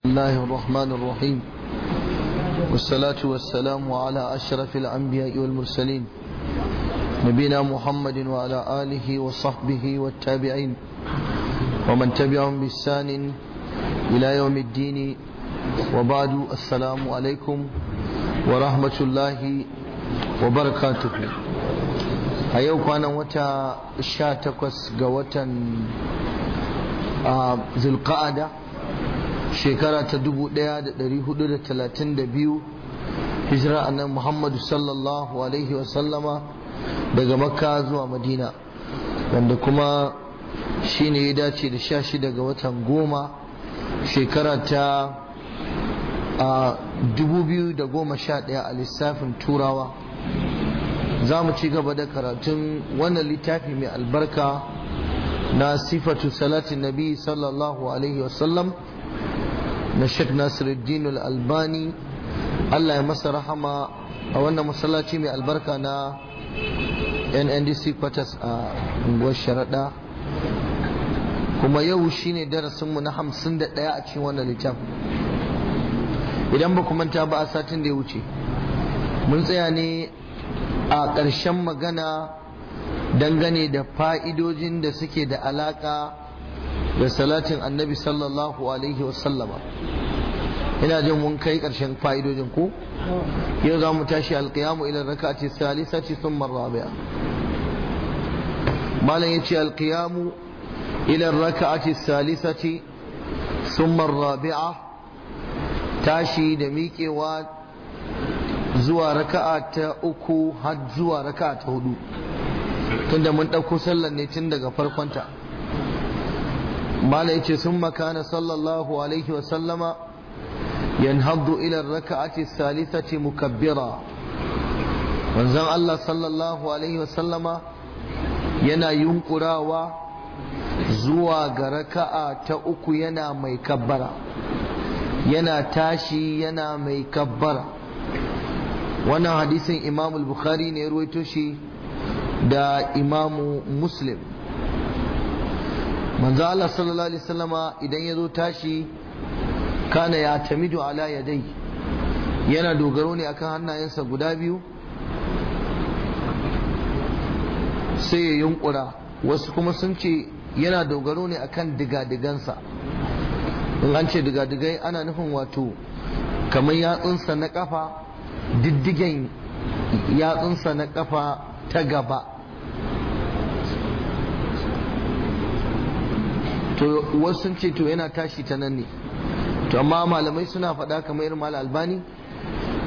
بسم الله الرحمن الرحيم والصلاة والسلام على أشرف الأنبياء والمرسلين نبينا محمد وعلى آله وصحبه والتابعين ومن تبعهم بإحسان إلى يوم الدين وبعد السلام عليكم ورحمة الله وبركاته أيوك أنا وتا شاتكس قوة ذي القعدة shekara ta 1432 hijira annabi Muhammadu sallallahu alaihi wasallama daga makka zuwa madina wanda kuma shi ne ya dace da sha shi daga watan goma shekara ta a 2011 a lissafin turawa za mu ci gaba da karatun wannan littafi mai albarka na sifatu salatin nabi sallallahu alaihi wasallam na Sheikh Nasiruddin Al-Albani Allah ya masa rahama a wannan masallaci mai albarka na NNDC Quarters a unguwar Sharaɗa kuma yau shine darasinmu na hamsin da ɗaya a cikin wannan littafin idan ba manta ba a satin da ya wuce mun tsaya ne a ƙarshen magana dangane da fa'idojin da suke da alaƙa da salatin annabi sallallahu alaihi wasallama ina jin mun kai karshen fa'idojin ku yau za mu tashi alqiyamu ila rak'ati salisati thumma rabi'a malam ce alqiyamu ila rak'ati salisati thumma rabi'a tashi da miƙewa zuwa raka'a ta uku har zuwa raka'a ta hudu tunda mun ɗauko sallar ne tun daga farkonta mala yace sun makana sallallahu alaihi wa sallama yanhaddu ila ce salisati mukabbira manzon Allah sallallahu alaihi wa sallama yana yunkurawa zuwa ga raka'a ta uku yana mai kabbara yana tashi yana mai kabbara wannan hadisin imam bukhari ne ya ruwaito shi da imamu muslim manzo Allah sallallahu alaihi wasallama idan yazo tashi kana ya tamidu ala yadai yana dogaro ne akan hannayensa guda biyu sai ya yunkura wasu kuma sun ce yana dogaro ne akan digadigansa in an ce digadigai ana nufin wato kamar yatsunsa na kafa diddigen yatsunsa na kafa ta gaba to wasu sun ce to yana tashi ta nan ne to amma malamai suna faɗa kamar irin mal albani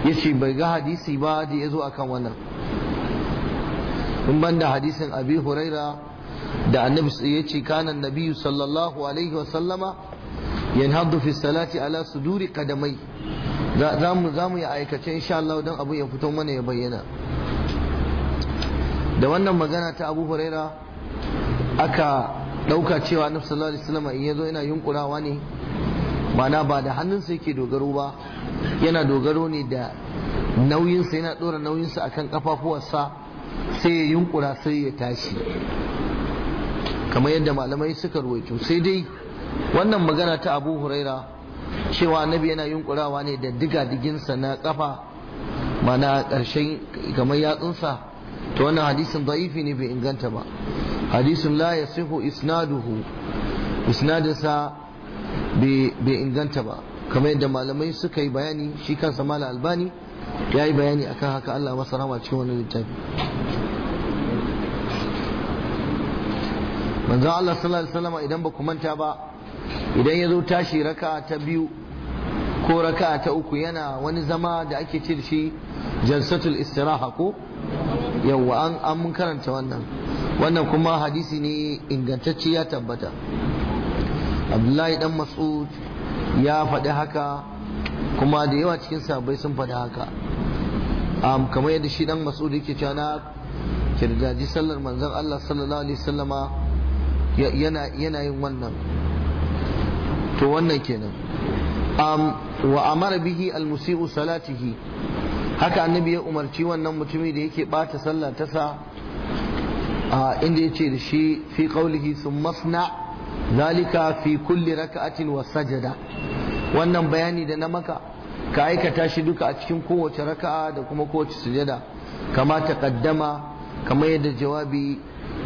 ya ce bai ga hadisi ba da ya zo a kan wannan in ban da hadisin abi huraira da annabi ya ce kanan nabiyu sallallahu alaihi wa sallama yanhaddu fi salati ala suduri kadamai za mu za mu yi aikace insha Allah don abu ya fito mana ya bayyana da wannan magana ta abu huraira aka ɗauka cewa na sallallahu alaihi wasallam in yazo yana yunkurawa ne ma'ana ba da hannunsa yake dogaro ba yana dogaro ne da nauyinsa yana ɗora nauyinsa akan kafafuwarsa sai ya yunkura sai ya tashi kamar yadda malamai suka ruwaito sai dai wannan magana ta abu huraira cewa nabi yana yunkurawa ne da diga digadiginsa na kafa mana ƙarshen kamar yatsunsa to wannan hadisin da'ifi ne bai inganta ba hadisin la ya sihu isnaduhu isnadinsa bai inganta ba kamar yadda malamai suka yi bayani shi kansa mala albani ya yi bayani akan haka Allah masa rama cikin wani littafi manzo Allah sallallahu alaihi wasallam idan ba ku manta ba idan ya zo tashi raka ta biyu ko raka ta uku yana wani zama da ake ce da shi jalsatul istiraha ko yawwa an mun karanta wannan wannan kuma hadisi ne ingantacce ya tabbata abdullahi dan mas'ud ya faɗi haka kuma da yawa cikin sabai sun faɗi haka kamar yadda shi dan mas'ud yake cewa na kirgaji sallar manzon Allah sallallahu alaihi sallama yana yana yin wannan to wannan kenan wa amara bihi almusi'u salatihi haka annabi ya umarci wannan mutumi da yake bata sallar tasa inda ya ce da shi fi qawlihi sun masna zalika fi kulli raka'atin wa sajada wannan bayani da na maka ka aikata shi duka a cikin kowace raka'a da kuma kowace sujada kama kaddama kamar yadda jawabi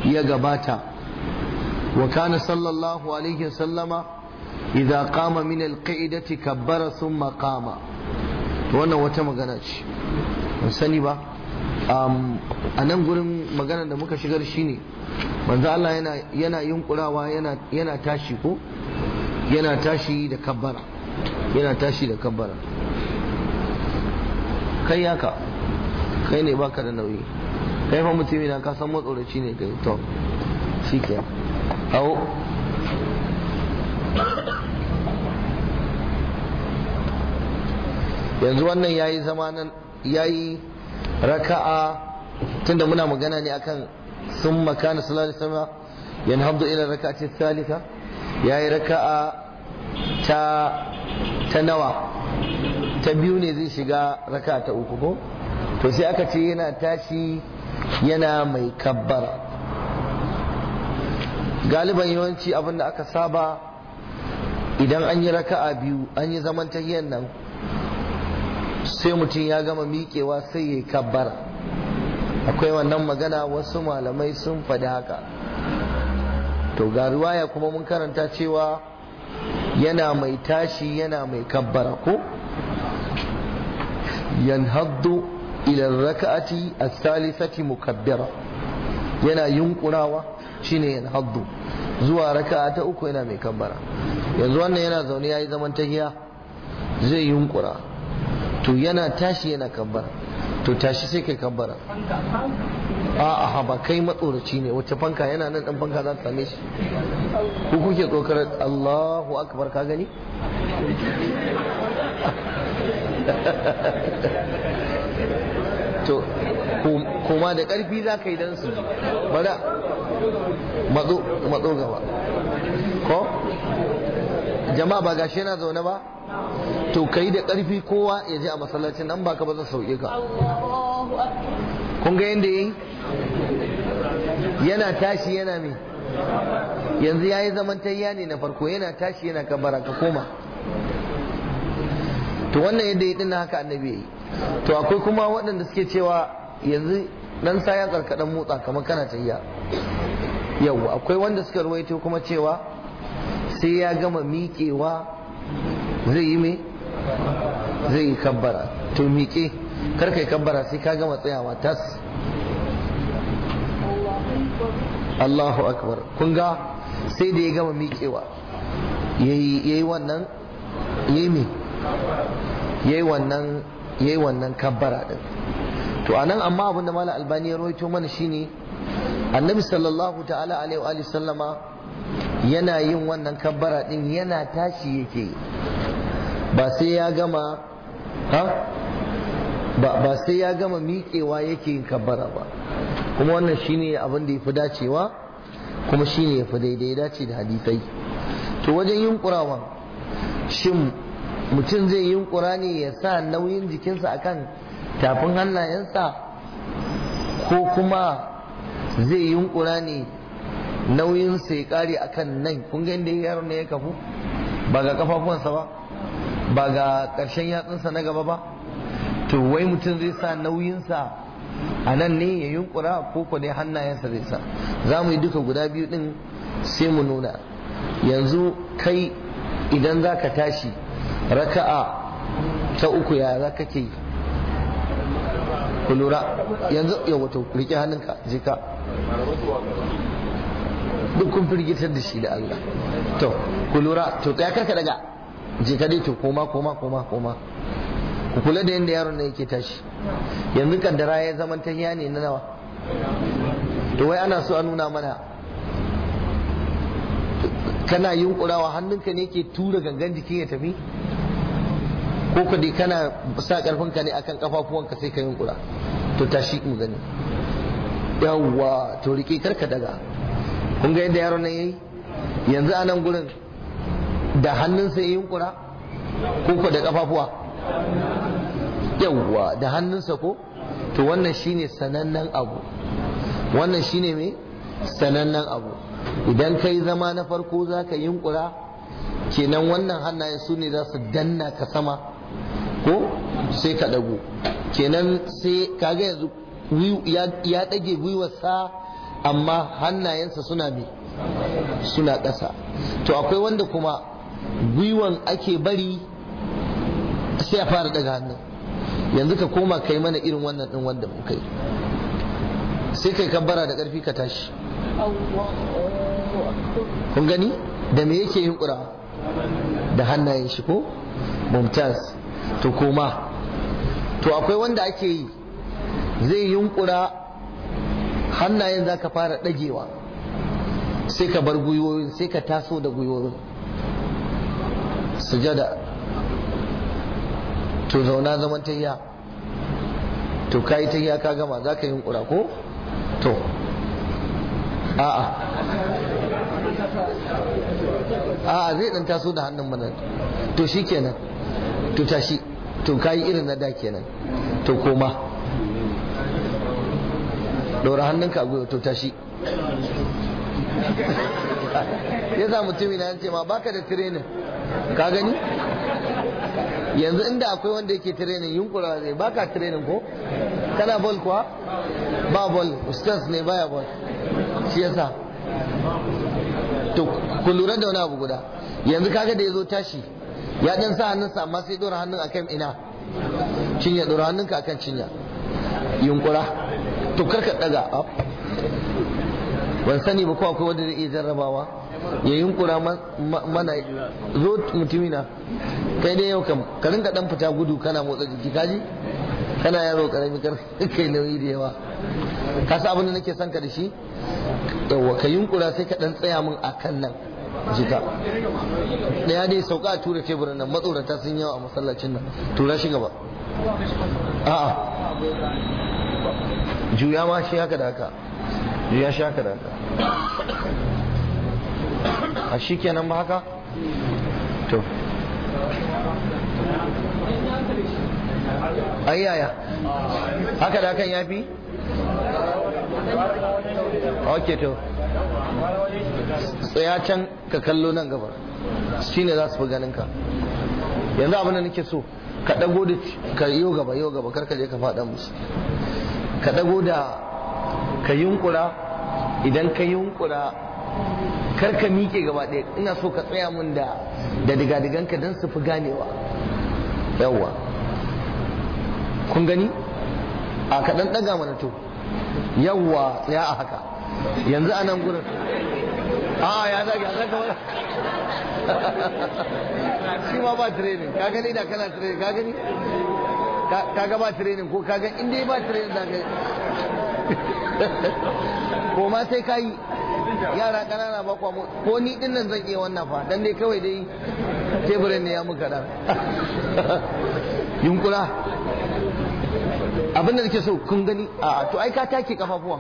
ya gabata wa kana sallallahu alaihi sallama idza qama min alqa'idati kabbara thumma qama wannan wata magana ce sani ba Um, a nan gurin magana da muka shigar shine manzo Allah yana yana yunkurawa yana yana tashi ko yana tashi da kabbara yana tashi da kabbara kai yaka kai ne baka da nauyi kai fa mutumi na ka san matsoraci ne kai to shikenan awo yanzu wannan yayi zamanan yayi raka'a tunda muna magana ne akan sun makana salari sama. yana yanhabdu ila raka'ati salika. yayi raka'a ta ta nawa ta biyu ne zai shiga raka'a ta uku ko to sai aka ce yana tashi yana mai kabbar galiban yawanci abinda aka saba idan an yi raka'a biyu an yi zaman tahiyyar nan sai mutum ya gama miƙewa sai ya kabbara akwai wannan magana wasu malamai sun faɗi haka to ga ya kuma mun karanta cewa yana mai tashi yana mai kabbara ko yanhaddu ila raka'ati as-salisati mukabbira yana yunkurawa shine yanhaddu zuwa raka'a ta uku yana mai kabbara yanzu wannan yana zaune yayi zaman tahiya zai yunkura to yana tashi yana kabbara to tashi sai kai kabbara a'a a ba kai matsoraci ne wacce fanka yana nan dan fanka za ta same shi ku kuke tsokar Allahu akbar ka gani to kuma da karfi za ka yi don su bada matso gaba ko jama'a ba gashi yana zaune ba to kai da karfi kowa ya ji a masallacin nan ba ka ba zan sauke ka kun ga yadda yi yana tashi yana me yanzu ya yi zaman tayya ne na farko yana tashi yana kabara ka koma to wannan yadda ya dinna haka annabi yi to akwai kuma waɗanda suke cewa yanzu dan sa ya motsa kamar kana tayya yau akwai wanda suka ruwaito kuma cewa sai ya gama miƙewa zai yi mai zai yi kabbara to miƙe karka yi kabbara sai ka gama tsayawa tas Allahu akbar kun ga sai da ya gama miƙewa yayi wannan yayi me yayi wannan yayi wannan kabbara din to anan amma abinda ma albani ya roito mana shine annabi sallallahu ta'ala alaihi wa sallama yana yin wannan kabbara din yana tashi yake ba sai ya gama ha ba sai ya gama miƙewa yake yin kabbara ba kuma wannan shine abin da yafi dacewa kuma shine yafi daidai dace da hadisai to wajen yunkurawan shin mutum zai yunkura ne ya sa nauyin jikinsa akan tafin hannayensa ko kuma zai yunkura ne nauyin sai kare akan nan kun ga inda yaron ne ya kafu ba ga kafafuwansa ba ba ga karshen yatsunsa na gaba ba to wai mutum zai sa nauyinsa a nan ne ya yunkura ko ko ne hannayensa zai sa za mu yi duka guda biyu din sai mu nuna yanzu kai idan za ka tashi raka'a ta uku ya za ka ke ku lura yanzu wata rike hannunka jika duk kun firgitar da shi da Allah to ku lura to ya karka daga je ka dai to koma koma koma koma ku kula da yadda yaron nan yake tashi yanzu kaddara ya zaman tahiya ne na nawa to wai ana so a nuna mana kana yunkurawa hannunka ne ke tura gangan jikin ya tafi ko ka dai kana sa karfinka ne akan kafafuwanka sai ka yunkura to tashi mu gani yawwa to rike karka daga kun ga yadda yaron nan yayi yanzu a nan gurin da hannunsa ya kura ko ko da kafafuwa yawwa da hannunsa ko to wannan shine sanannen abu wannan shine me sanannen abu idan kai zama na farko za ka kura kenan wannan hannayen su ne za su danna ka sama ko sai ka dago kenan sai kaga yanzu ya dage gwiwarsa amma hannayensa suna me suna ƙasa to akwai wanda kuma gwiwan ake bari sai a fara daga hannun yanzu ka koma kai mana irin wannan ɗin wanda muka yi sai kai kabbara da ƙarfi ka tashi kun gani da me yake yin ƙura da hannayen shi ko mumtaz to koma to akwai wanda ake yi zai yunkura hannayen za ka fara ɗagewa sai ka bar gwiwoyin sai ka taso da gwiwoyin sujada to zauna zaman tayya to ka yi tayya ka gama za ka yi kura ko to a'a a'a zai dan taso da hannun mana to shi kenan to tashi to ka yi irin na da kenan to koma ɗora hannunka a to tashi ya sa mutumi na ce ma baka da tirenin ka gani yanzu inda akwai wanda yake tirenin yunkura zai baka tirenin ko kana bol kuwa ba bol ustaz ne baya bol shi yasa to ku lura da wani abu guda yanzu kaga da ya zo tashi ya dan sa hannunsa amma sai dora hannun akan ina cinya dora hannunka akan cinya yunkura to karka daga ban sani ba ko akwai wanda zai iya jarrabawa ya yunkura mana zo mutumina kai dai yau kam ka rinka dan fita gudu kana motsa jiki kaji kana yaro karami kar kai nauyi da yawa ka abinda abin da nake son ka da shi yawa ka yunkura sai ka dan tsaya min akan nan jika daya dai sauka a tura teburin nan matsorata sun yawa a masallacin nan tura shi gaba a'a juya ma shi haka da haka juya shi haka da haka a shi kenan ba haka to ayyaya haka da hakan ya fi ok to tsaya can ka kallo nan gaba shi ne za su fi ganin ka yanzu abin da nake so ka ɗago da ka yau gaba yau gaba karka je ka faɗa musu ka ɗago da ka yunkura idan ka yunkura kar ka miƙe gaba ɗaya ina so ka tsaya mun da da ka don su fi ganewa yawwa kun gani a kaɗan ɗaga mana to yawwa tsaya a haka yanzu a nan gurin a ya zage a zaka wani shi ma ba training ka gani da kana training ka gani ka ga ba training ko ka ga in dai ba training da kai ko ma sai ka yi yara ƙanana ba kwa ko ni din nan zan iya wannan fa dan dai kawai dai teburin ne ya muka dan yunkura abin da nake so kun gani a to ai ka take kafafuwan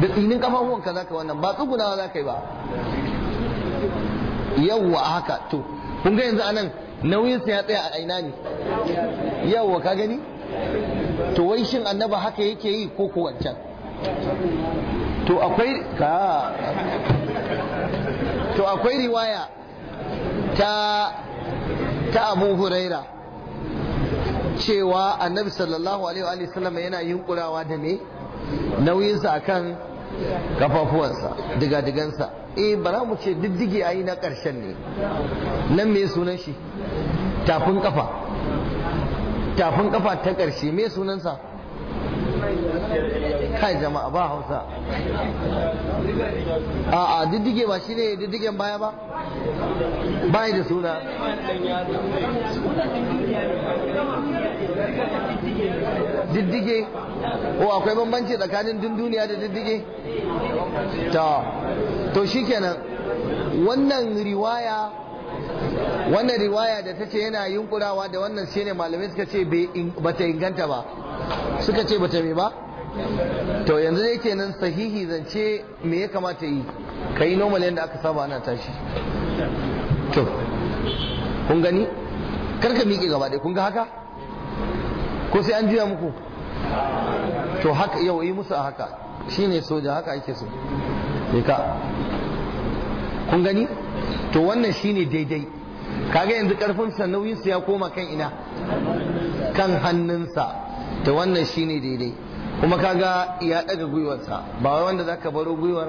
da tsinin kafafuwan ka zaka wannan ba tsugunawa zaka yi ba yawwa haka to kun ga yanzu anan nauyin sa ya tsaya a aina ne yawo ka gani to wai shin annaba haka yake yi ko ko wancan to akwai ka to akwai riwaya ta ta Abu Huraira cewa annabi sallallahu alaihi wa sallam yana yunkurawa da me nauyinsa akan kafafuwansa diga-digansa eh bara mu ce diddige ayi na karshen ne nan me sunan shi tafin kafa tafin kafa ta ƙarshe me sunansa kai jama'a ba hausa a a diddige ba shine diddigen baya ba bai da suna diddige o akwai bambanci tsakanin dunduniya da diddige ta to shikenan wannan riwaya wannan riwaya da ta ce yana yunkurawa da wannan shi ne malamai suka ce ba ta inganta ba suka ce ba ta me ba to yanzu dai kenan sahihi zance me ya kamata yi ka yi normal yadda aka saba ana tashi to kun gani karka miƙe gaba ɗaya kun ga haka ko sai an juya muku to haka yau yi musu a haka Shi so soja haka ake so ka kun gani to wannan shi ne daidai kaga yanzu karfinsa nauyinsa ya koma kan ina kan hannunsa da wannan shine daidai kuma kaga ya daga gwiwarsa ba wai wanda zaka baro gwiwar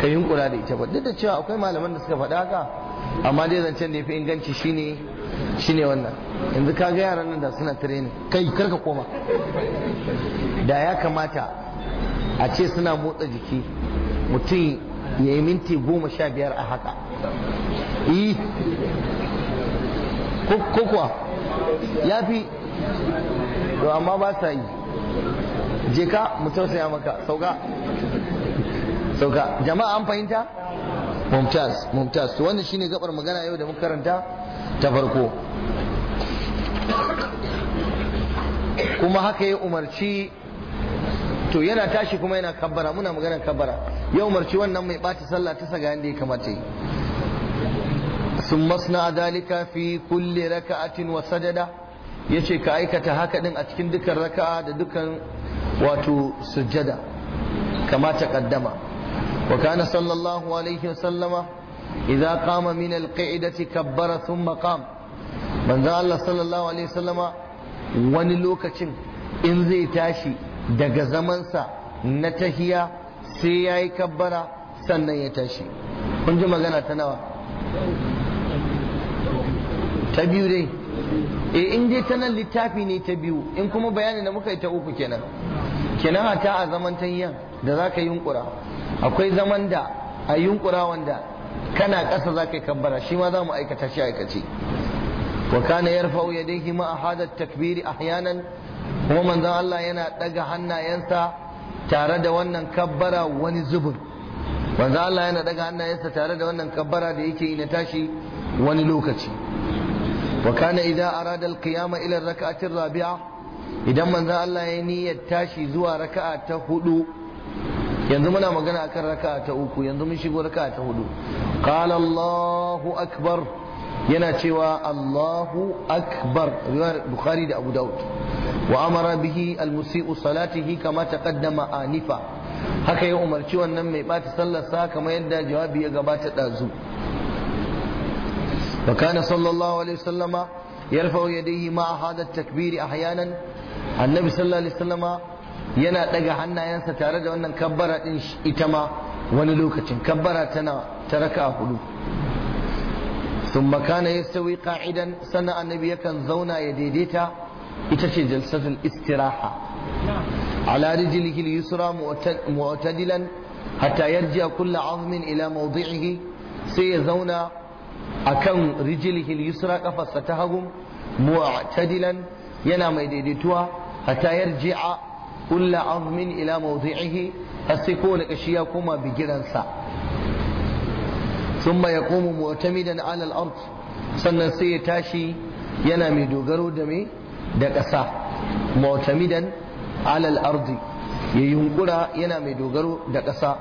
ka yunkura da ita ba duk da cewa akwai malaman da suka faɗa haka amma dai zancen da ya fi inganci shine shine wannan yanzu kaga yaran nan da suna training kai kar ka koma da ya kamata a ce suna motsa jiki mutum ya yi minti goma sha biyar a haka ko ya fi to amma ba sa yi je ka mu tausaya maka sauka sauka jama'a an fahimta mumtaz mumtaz to wannan shine gabar magana yau da muka karanta ta farko kuma haka ya umarci to yana tashi kuma yana kabbara muna magana kabbara ya umarci wannan mai ɓata sallah ta saga yadda ya kamata yi sun masna dalika fi kulli raka'atin wa sajada yace ka aikata haka din a cikin dukkan raka'a da dukkan wato sujjada kama kaddama wa kana sallallahu alaihi wa sallama idza qama min alqa'idati kabbara thumma qam manzo Allah sallallahu alaihi wa sallama wani lokacin in zai tashi daga zamansa na tahiya sai yayi kabbara sannan ya tashi kun ji magana ta nawa ta biyu dai e in dai ta nan littafi ne ta biyu in kuma bayanin da muka yi ta uku kenan kenan hata a zaman ta tahiyan da za ka yunkura akwai zaman da a yunkura wanda kana ƙasa za ka yi kabbara shi ma za mu aikata shi aikace wa kana dai hima ma hadar takbiri a yanan kuma manzan Allah yana daga hannayensa tare da wannan kabbara wani zubin manzan Allah yana daga hannayensa tare da wannan kabbara da yake yi na tashi wani lokaci wakana idan idza kiyama al-qiyama rabia idan manzo Allah ya niyyar tashi zuwa raka'a ta hudu yanzu muna magana akan raka'a ta uku yanzu mun shigo raka'a ta hudu qala Allahu akbar yana cewa Allahu akbar riwayar Bukhari da Abu da'ud wa amara bihi al-musii'u salatihi kama taqaddama anifa haka ya umarci wannan mai bata sallar sa kamar yadda jawabi ya gabata dazu وكان صلى الله عليه وسلم يرفع يديه مع هذا التكبير أحيانا النبي صلى الله عليه وسلم yana ɗaga hannayensa tare da wannan kabbara din ita itama wani lokacin kabbara tana ta raka a hudu thumma kana yastawi qa'idan sannan annabi yakan zauna ya daidaita ita ce jalsatul istiraha ala rijlihi al-yusra mu'tadilan hatta yarji kulla 'azmin ila mawdi'ihi sai ya zauna akan rijilihil yusra kafarsa ta hagu mu'tadilan yana mai daidaituwa hatta yarji'a kulla azmin ila mawdi'ihi sai kowane kashi ya koma bigiransa thumma yaqumu mu'tamidan ala al-ard sannan sai ya tashi yana mai dogaro da me da ƙasa mu'tamidan ala al-ard ya yunkura yana mai dogaro da ƙasa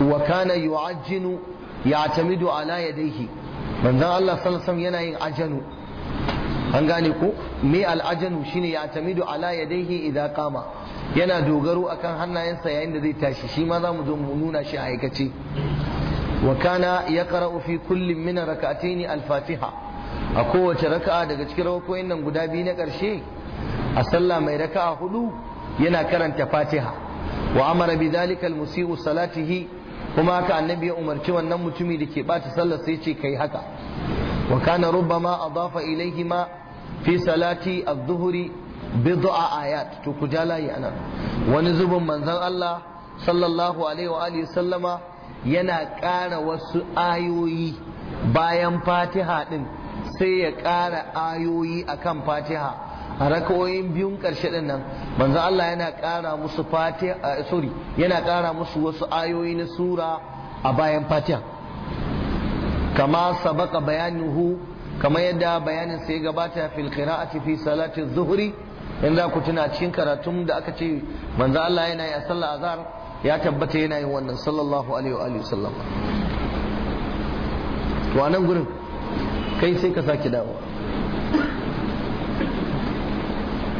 wa kana yu'ajjinu ya tamidu ala yadayhi manzon Allah sallallahu yana yin ajanu an gane ko me al'ajanu shine ya tamidu ala yadayhi idan qama yana dogaro akan hannayensa yayin da zai tashi shi ma zamu zo mu nuna shi a aikace wa kana yaqra'u fi kullin min rak'atayn al-fatiha a kowace raka'a daga cikin rakoyin nan guda biyu na karshe a sallah mai raka'a hudu yana karanta fatiha wa amara bi dhalika al-musii'u salatihi kuma haka annabi ya umarci wannan mutumi da ke bata sallar sai ce kai haka wa kana rubbama adafa ilayhi ma fi salati az-zuhri bid'a ayat to ku layi anan. wani zubin manzon Allah sallallahu alaihi wa alihi sallama yana ƙara wasu ayoyi bayan fatiha din sai ya ƙara ayoyi akan fatiha a rakawoyin biyun ƙarshe ɗin nan manzo Allah yana ƙara musu fatiha sorry yana ƙara musu wasu ayoyi na sura a bayan fatiha kama sabaka bayanuhu kama yadda bayanin sai gabata fil qira'ati fi salati zuhri in za ku tuna cikin karatun da aka ce manzo Allah yana yi a azhar ya tabbata yana yin wannan sallallahu alaihi wa sallam to anan gurin kai sai ka saki dawo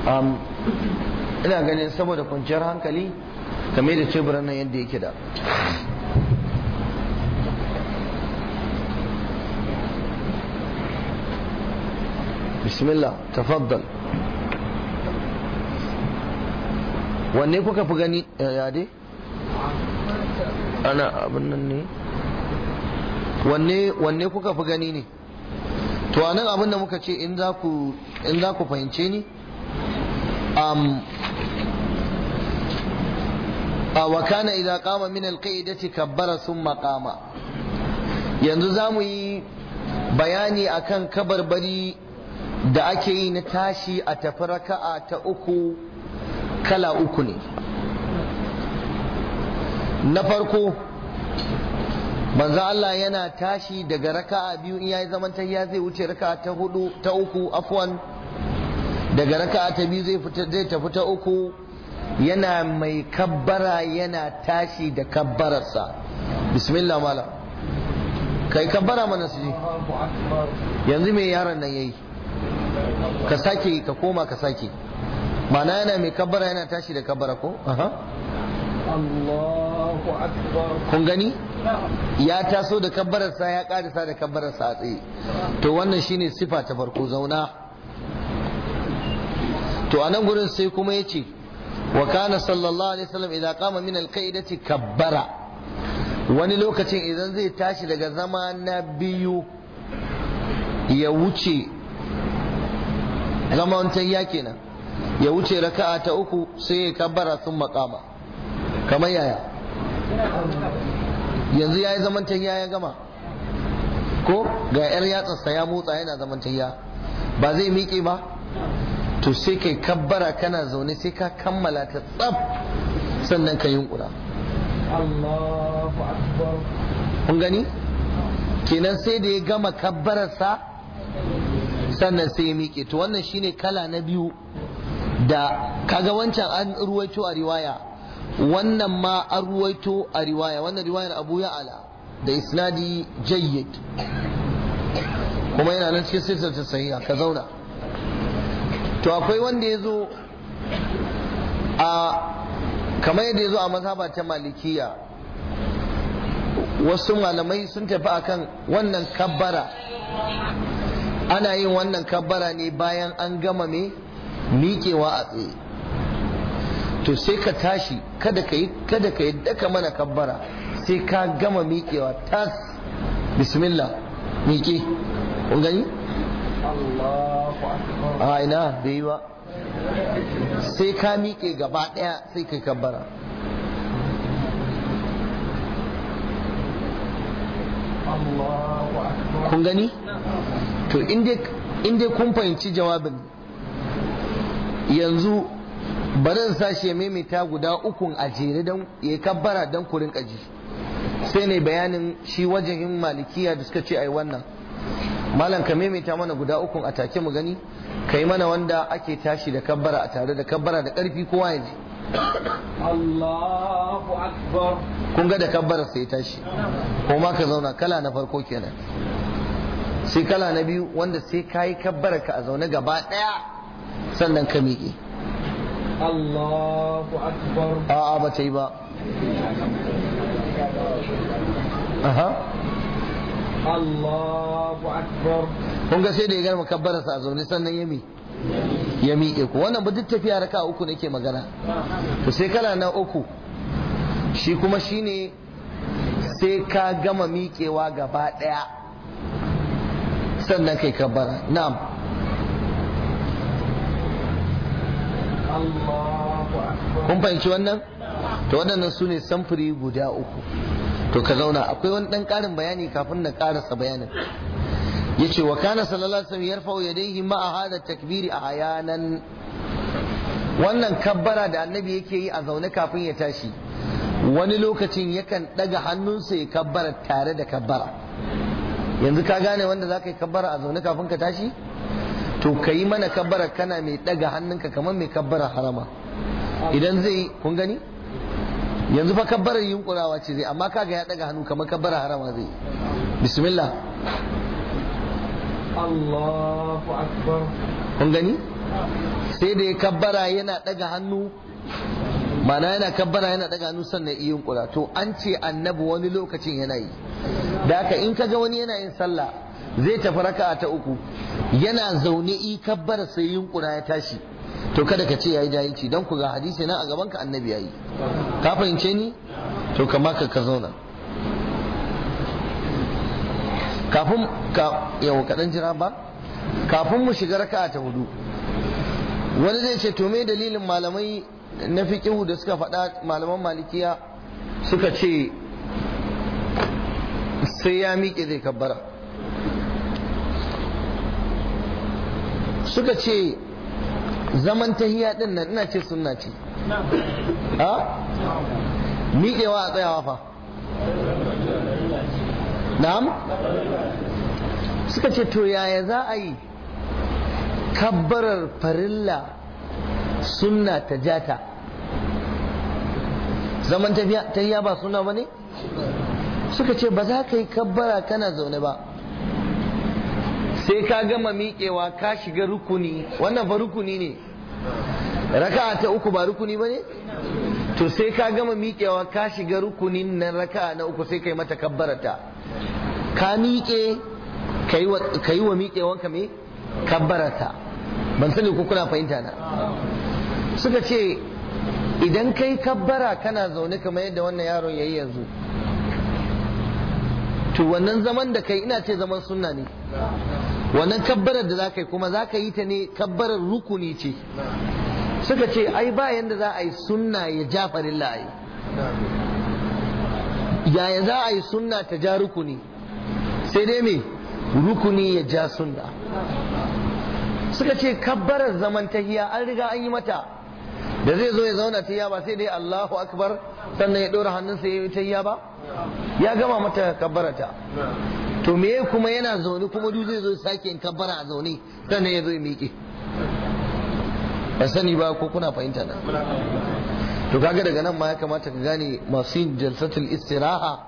ina ganin saboda kwanciyar hankali game da teburan nan yadda yake da bismillah tafaddal wanne kuka fi gani eh, ya ana abin nan ne wanne wanne kuka fi gani ne to anan abin da muka ce in za ku fahimce ni Um, a wakana idan kama min alqaidati kabbara sun makama yanzu za mu yi bayani a kan kabarbari da ake yi na tashi a tafi raka'a ta uku kala uku ne na farko banza Allah yana tashi daga raka'a biyu in yayi zaman tahiyya zai wuce raka'a ta hudu ta uku afuwan daga raka ta biyu zai fita zai tafi ta uku yana mai kabbara yana tashi da kabbararsa bismillah malam kai kabbara mana su ji yanzu me yaron nan yayi ka sake ka koma ka sake mana yana mai kabbara yana tashi da kabbara ko aha Allahu akbar kun gani ya taso da kabbararsa ya karisa da kabbararsa a tsaye to wannan shine sifa ta farko zauna to anan gurin sai kuma yace wa kana sallallahu alaihi wasallam idan kama min alqaidati kabbara wani lokacin idan zai tashi daga zama na biyu ya wuce zama wancan ya kenan ya wuce raka'a ta uku sai ya kabbara sun makama kamar yaya yanzu ya yi zaman tahiya ya gama ko ga 'yar yatsarsa ya motsa yana zaman tahiya ba zai miƙe ba to sai kai kabbara kana zaune sai ka kammala ta tsab sannan ka yunkura kun gani kenan sai da ya gama kabbararsa sannan sai ya miƙe to wannan shine kala na biyu da kaga wancan an ruwaito a riwaya wannan ma an ruwaito a riwaya wannan riwayar abu ya'ala da isnadi jayyid kuma yana nan cikin ta sahiha ka zauna to akwai wanda ya zo a kamar yadda ya zo a mazhaba ta malikiya wasu malamai sun tafi akan wannan kabbara ana yin wannan kabbara ne bayan an gama me miƙewa a tsaye to sai ka tashi kada ka yi kada ka yi mana kabbara sai ka gama miƙewa tas bismillah miƙe kun gani a ina da yi ba sai ka miƙe gaba ɗaya sai ka kabbara kun gani to inda kun fahimci jawabin yanzu barin sashe maimaita guda ukun a jere don ya kabbara don kurin ƙaji sai ne bayanin shi wajen yin malikiya da suka ce ai wannan malam ka maimaita mana guda ukun a take mu gani ka yi mana wanda ake tashi da kabbara a tare da kabbara da ƙarfi kowa ya ji Allahu akbar kun ga da kabbara sai tashi ko ma ka zauna kala na farko kenan sai kala na biyu wanda sai ka yi kabbara ka a zaune gaba ɗaya sannan ka miƙe Allahu akbar a'a ba ta yi ba aha Allahu akbar kun ga sai da ya gama sa a zaune sannan yami ya miƙe ku wannan ba duk tafiya raka uku nake magana to sai kala na uku shi kuma shine sai ka gama miƙewa gaba ɗaya sannan kai kabbara na'am kun fahimci wannan to waɗannan su ne samfuri guda uku to ka zauna akwai wani dan karin bayani kafin na karasa bayanin yace wa kana sallallahu alaihi wasallam yarfa'u yadayhi ma'a hada takbiri ayanan wannan kabbara da annabi yake yi a zaune kafin ya tashi wani lokacin yakan daga hannunsa ya kabbara tare da kabbara yanzu ka gane wanda za ka yi kabbara a zaune kafin ka tashi to ka yi mana kabbara kana mai daga hannunka kamar mai kabbara harama idan zai kun gani yanzu fa kabbarar yunkurawa ce zai amma kaga ya daga hannu kamar kabbarar harama zai bismillah Allahu akbar kun gani sai da ya kabbara yana daga hannu mana yana kabbara yana daga hannu sannan yin kula to an ce annabi wani lokacin yana yi da haka in kaga wani yana yin sallah zai tafi raka'a ta uku yana zaune i kabbara sai yin kula ya tashi to kada ka ce yayi jahilci dan ku ga hadisi na a gaban ka annabi yayi ka fahimce ni to kama ka ka zauna kafin ka yau kadan jira ba kafin mu shiga raka'a ta hudu wani zai ce to me dalilin malamai na fiqihu da suka faɗa malaman malikiya suka ce sai ya miƙe zai kabbara suka ce zaman tahiya din nan ina ce sunna ce a miƙewa a tsayawa fa na'am suka ce to yaya za a yi kabbarar farilla sunna ta jata zaman tahiya ba sunna ba ne suka ce ba za ka yi kabbara kana zaune ba sai ka gama miƙewa ka shiga rukuni wannan fa rukuni ne raka'a ta uku ba rukuni ba ne to sai ka gama miƙewa ka shiga rukunin nan raka'a na uku sai kai mata kabbarata ka miƙe ka yi wa miƙewanka me kabbarata ban sani ko kuna fahimta na suka ce idan kai kabbara kana zaune kamar yadda wannan yaron yi yanzu to wannan zaman da kai ina ce zaman sunna ne wannan kabbarar da ka yi kuma za ka yi ta ne kabbarar rukuni ce suka ce ai ba yadda za a yi sunna ya ja farin yaya za a yi sunna ta ja rukuni sai dai me rukuni ya ja sunna suka ce kabbarar zaman tahiya an riga an yi mata da zai zo ya zauna tahiya ba sai dai Allahu akbar sannan ya hannun hannunsa ya yi tahiya ba ya gama mata kabbarata to me kuma yana zaune kuma duk zai zo sake in kabbara a zaune sannan ya zo ya miƙe sani ba ko kuna fahimta na to kaga daga nan ma ya kamata ka gane masu yin jalsatul istiraha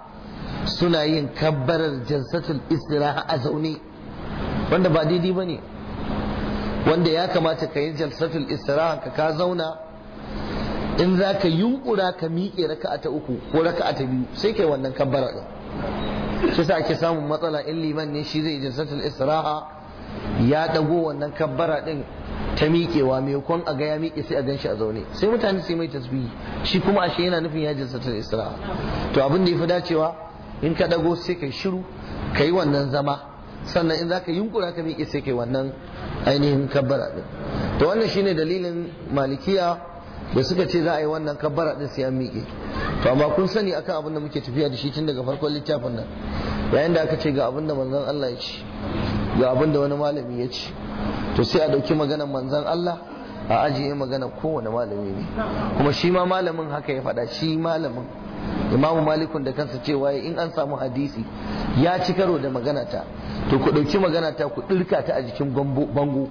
suna yin kabbarar jalsatul istiraha a zaune wanda ba daidai ba ne wanda ya kamata ka yi jalsatul istiraha ka ka zauna in za ka yunkura ka miƙe raka'a ta uku ko raka'a ta biyu sai kai wannan kabbara ɗin. shi sa ake samun matsala in liman ne shi zai jinsatul isra'a ya ɗago wannan kabbara ɗin ta miƙewa kwan a ga ya miƙe sai a gan shi a zaune sai mutane sai mai tasbihi shi kuma ashe yana nufin ya jinsatul isra'a to abin da ya fi dacewa in ka ɗago sai kai shiru kai wannan zama sannan in za ka yunkura ka miƙe sai kai wannan ainihin kabbara ɗin. to wannan shi ne dalilin malikiya da suka ce za a yi wannan kabbara din sai an miƙe to amma kun sani akan abin da muke tafiya da shi tun daga farkon littafin nan yayin da aka ce ga abin da manzon Allah ya ce ga abin wani malami ya ci, to sai a dauki maganar Manzan Allah a ajiye maganar kowane malami ne kuma shi ma malamin haka ya faɗa shi malamin imamu malikun da kansa cewa in an samu hadisi ya ci karo da ta. to ku ɗauki ta ku dirka ta a jikin bango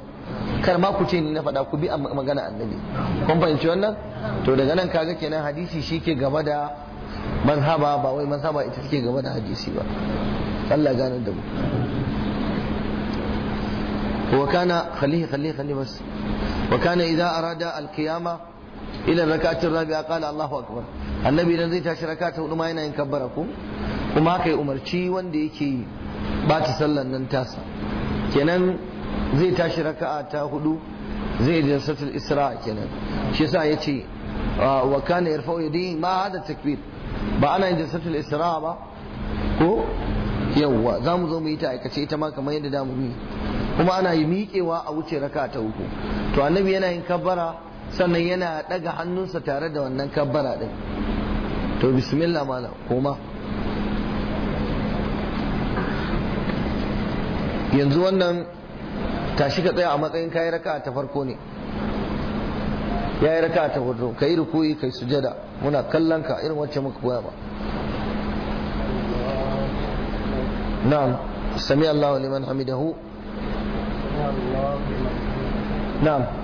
kar ma ku ce ni na faɗa ku bi magana annabi kun fahimci wannan to daga nan kaga kenan hadisi shi ke gaba da manhaba ba wai manhaba ita take gaba da hadisi ba Allah gane da mu وكان خليه bas wa kana idza arada al-qiyamah ila rakatun rabi'a qala alahu akbar annabi idan zai tashi ta hudu ma yana yin kabbara ko kuma haka ya umarci wanda yake bata sallar nan tasa kenan zai tashi raka'a ta hudu zai da satul isra kenan shi yasa yace wa kana yarfa'u yadihi hada ba ana yin ba ko yawwa za mu zo mu yi ta aikace ita ma kamar yadda da mu yi kuma ana yi miƙewa a wuce raka ta uku to annabi yana yin kabbara sannan yana daga hannunsa tare da wannan kabbara din to bismillah mala koma yanzu wannan tashi ka tsaya a matsayin kayi raka ta farko ne ya yi raka ta hudu ka yi rukuyi ka yi sujada muna kallon ka irin wacce muka koya ba na'am sami Allahu liman hamidahu na'am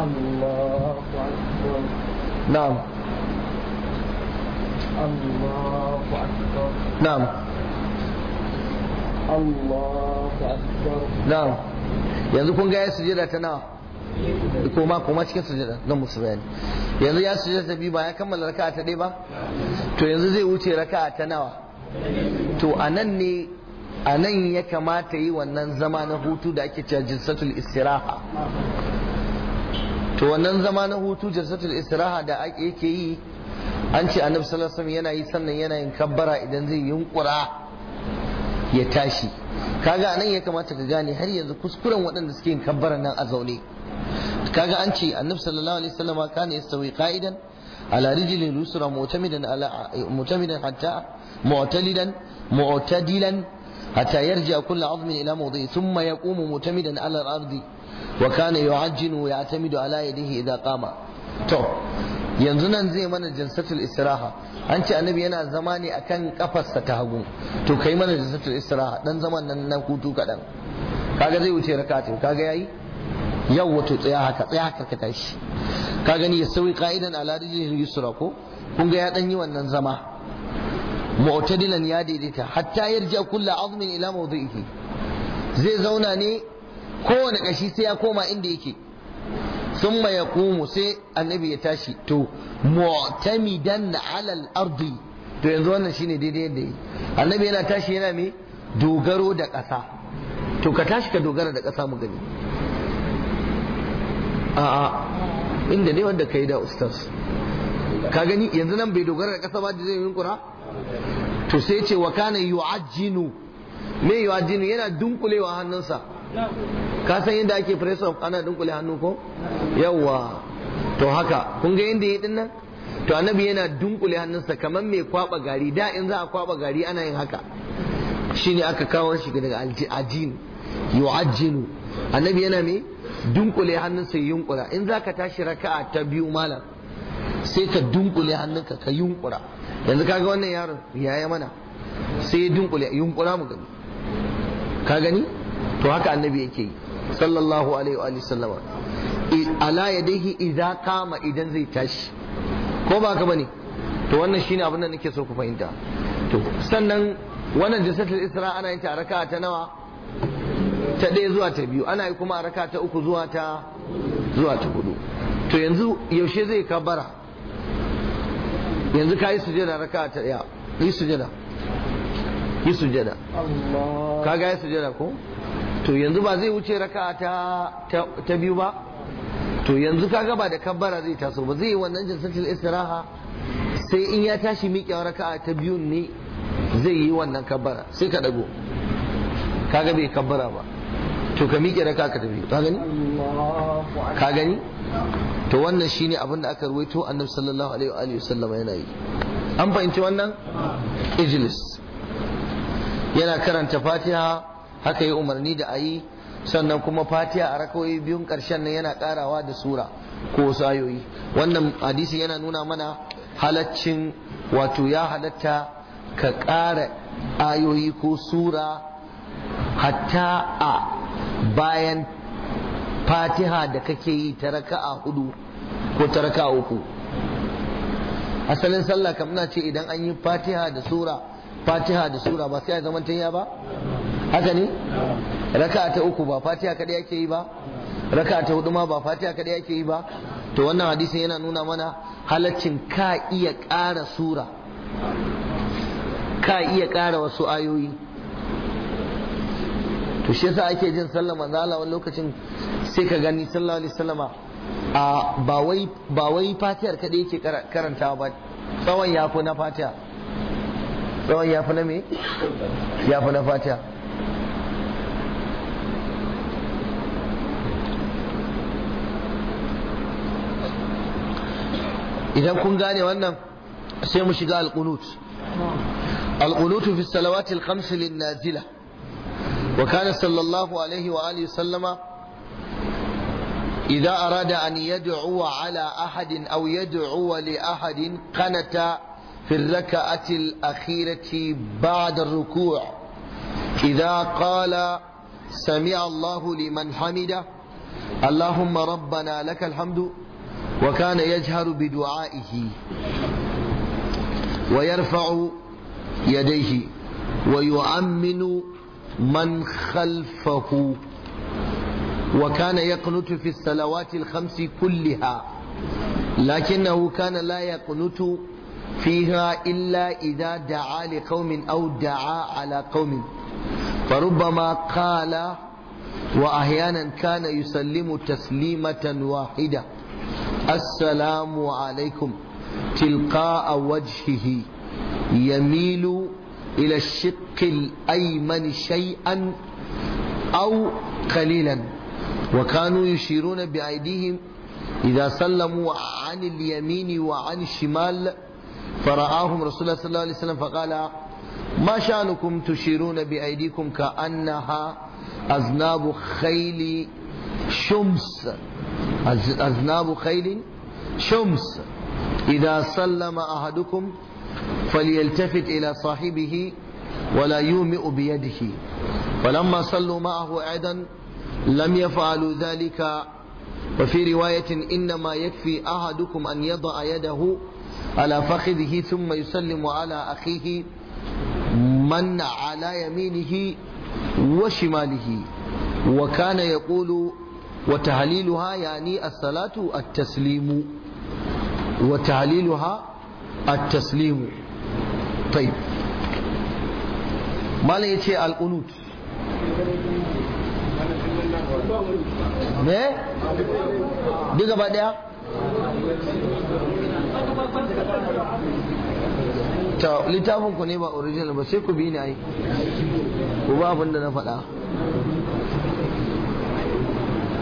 الله أكبر نعم الله أكبر نعم الله أكبر نعم yanzu kun ga ya sujada ta nawa koma koma cikin sujada don musu bayani yanzu ya sujada ta biyu ba ya kammala raka'a ta ɗaya ba to yanzu zai wuce raka'a ta nawa to anan ne anan ya kamata yi wannan zama na hutu da ake cewa jinsatul istiraha to wannan zama na hutu jalsatul istiraha da yake yi an ce annabi sallallahu alaihi yana yi sannan yana yin kabbara idan zai yunkura ya tashi kaga anan ya kamata ka gane har yanzu kuskuren waɗanda suke yin kabbara nan a zaune kaga an ce annabi sallallahu alaihi wasallam kana yastawi qa'idan ala rijlin yusra mu'tamidan ala mu'tamidan hatta mu'talidan mu'tadilan hatta yarji'a kullu 'azmin ila mawdi'i thumma yaqumu mu'tamidan ala al-ardi wa kana yu'ajjinu ya da ala yadihi idza qama to yanzu nan zai mana jinsatul istiraha an ce annabi yana zama ne akan kafarsa ta hagu to kai mana jinsatul istiraha dan zaman nan na hutu kadan kaga zai wuce rakatin kaga yayi yau wato tsaya haka tsaya haka ka tashi ka gani ya sauyi ka'idan ala rijlin yusra ko kun ga ya dan yi wannan zama mu'tadilan ya daidaita hatta yarji kullu azmin ila mawdihi zai zauna ne kowane kashi sai ya koma inda yake ya yaqumu sai annabi ya tashi to mu'tamidan na al-ardi to yanzu wannan shine daidai yadda yi annabi yana tashi yana me dogaro da ƙasa to ka tashi ka dogara da ƙasa mu gani a'a inda ne wanda kai da ustaz ka gani yanzu nan bai dogara da ƙasa ba da zai kura to sai ce wa kana yu'ajjinu me yu'ajjinu yana dunkulewa hannunsa ka san yadda ake press of ana dunkule hannu ko yawa to haka kun ga yadda yi to annabi yana dunkule hannunsa kamar mai kwaba gari da in za a kwaba gari ana yin haka shine aka kawo shi daga ajin yu'ajjinu annabi yana mai dunkule hannunsa yunkura in za ka tashi raka'a ta biyu malam sai ka dunkule hannunka ka yunkura yanzu kaga wannan yaron yaya mana sai ya dunkule yunkura mu gani ka gani to haka annabi yake yi sallallahu alaihi wa sallama ala yadayhi idza kama idan zai tashi ko ba haka bane to wannan shine abin da nake so ku fahimta to sannan wannan jasatul isra ana yin ta raka'a ta nawa ta ɗaya zuwa ta biyu ana yi kuma raka'a ta uku zuwa ta zuwa ta hudu to yanzu yaushe zai kabbara yanzu ka yi sujada raka'a ta ɗaya yi sujada yi sujada ka yi sujada ko to yanzu ba zai wuce raka ta biyu ba to yanzu kaga ba da kabbara zai taso ba zai yi wannan jinsatul istiraha sai in ya tashi miƙewa raka ta biyun ne zai yi wannan kabbara sai ka dago Ka gaba bai kabbara ba to ka miƙe raka ka tafi ka gani ka gani to wannan shine abin da aka ruwaito annabi sallallahu alaihi wa sallama yana yi an fahimci wannan ijlis yana karanta fatiha haka yi umarni da ayi sannan kuma fatiha a rakawoyi biyun karshen nan yana karawa da sura ko sayoyi wannan hadisi yana nuna mana halaccin wato ya halatta ka ƙara ayoyi ko sura hatta a bayan fatiha da kake yi ta raka'a hudu ko ta raka'a uku asalin sallah kam ce idan an yi fatiha da sura fatiha da sura ba sai a ba haka ne raka ta uku ba fatiha kadai ake yi ba raka ta hudu ma ba fatiha kadai ake yi ba to wannan hadisin yana nuna mana halaccin ka iya ƙara sura ka iya ƙara wasu ayoyi to shi yasa ake jin sallah manzo Allah wani lokacin sai ka gani sallallahu alaihi wasallama a ba wai ba wai fatihar kadai yake karanta ba tsawon yafi na fatiha tsawon yafi na me yafi na fatiha idan kun gane wannan sai mu shiga alqunut alqunut fi salawati al-khams lin-nazila wa kana sallallahu alaihi wa alihi sallama إذا أراد أن يدعو على أحد أو يدعو لأحد قنت في الركعة الأخيرة بعد الركوع إذا قال سمع الله لمن حمده اللهم ربنا لك الحمد وكان يجهر بدعائه ويرفع يديه ويؤمن من خلفه وكان يقنت في الصلوات الخمس كلها لكنه كان لا يقنت فيها إلا إذا دعا لقوم أو دعا على قوم فربما قال وأحيانا كان يسلم تسليمة واحدة السلام عليكم تلقاء وجهه يميل إلى الشق الأيمن شيئا أو قليلا وكانوا يشيرون بأيديهم إذا سلموا عن اليمين وعن الشمال فرآهم رسول الله صلى الله عليه وسلم فقال ما شأنكم تشيرون بأيديكم كأنها أذناب خيل شمس أذناب خيل شمس إذا سلم أحدكم فليلتفت إلى صاحبه ولا يومئ بيده فلما صلوا معه عدا لم يفعلوا ذلك وفي رواية إنما يكفي أحدكم أن يضع يده على فخذه ثم يسلم على أخيه من على يمينه وشماله وكان يقول wa tahliluha yani as-salatu at-taslimu wa tahliluha at-taslimu tayyib malam yace al-qunut me ne ba original ba sai ku bi ni ai ku ba abin da na faɗa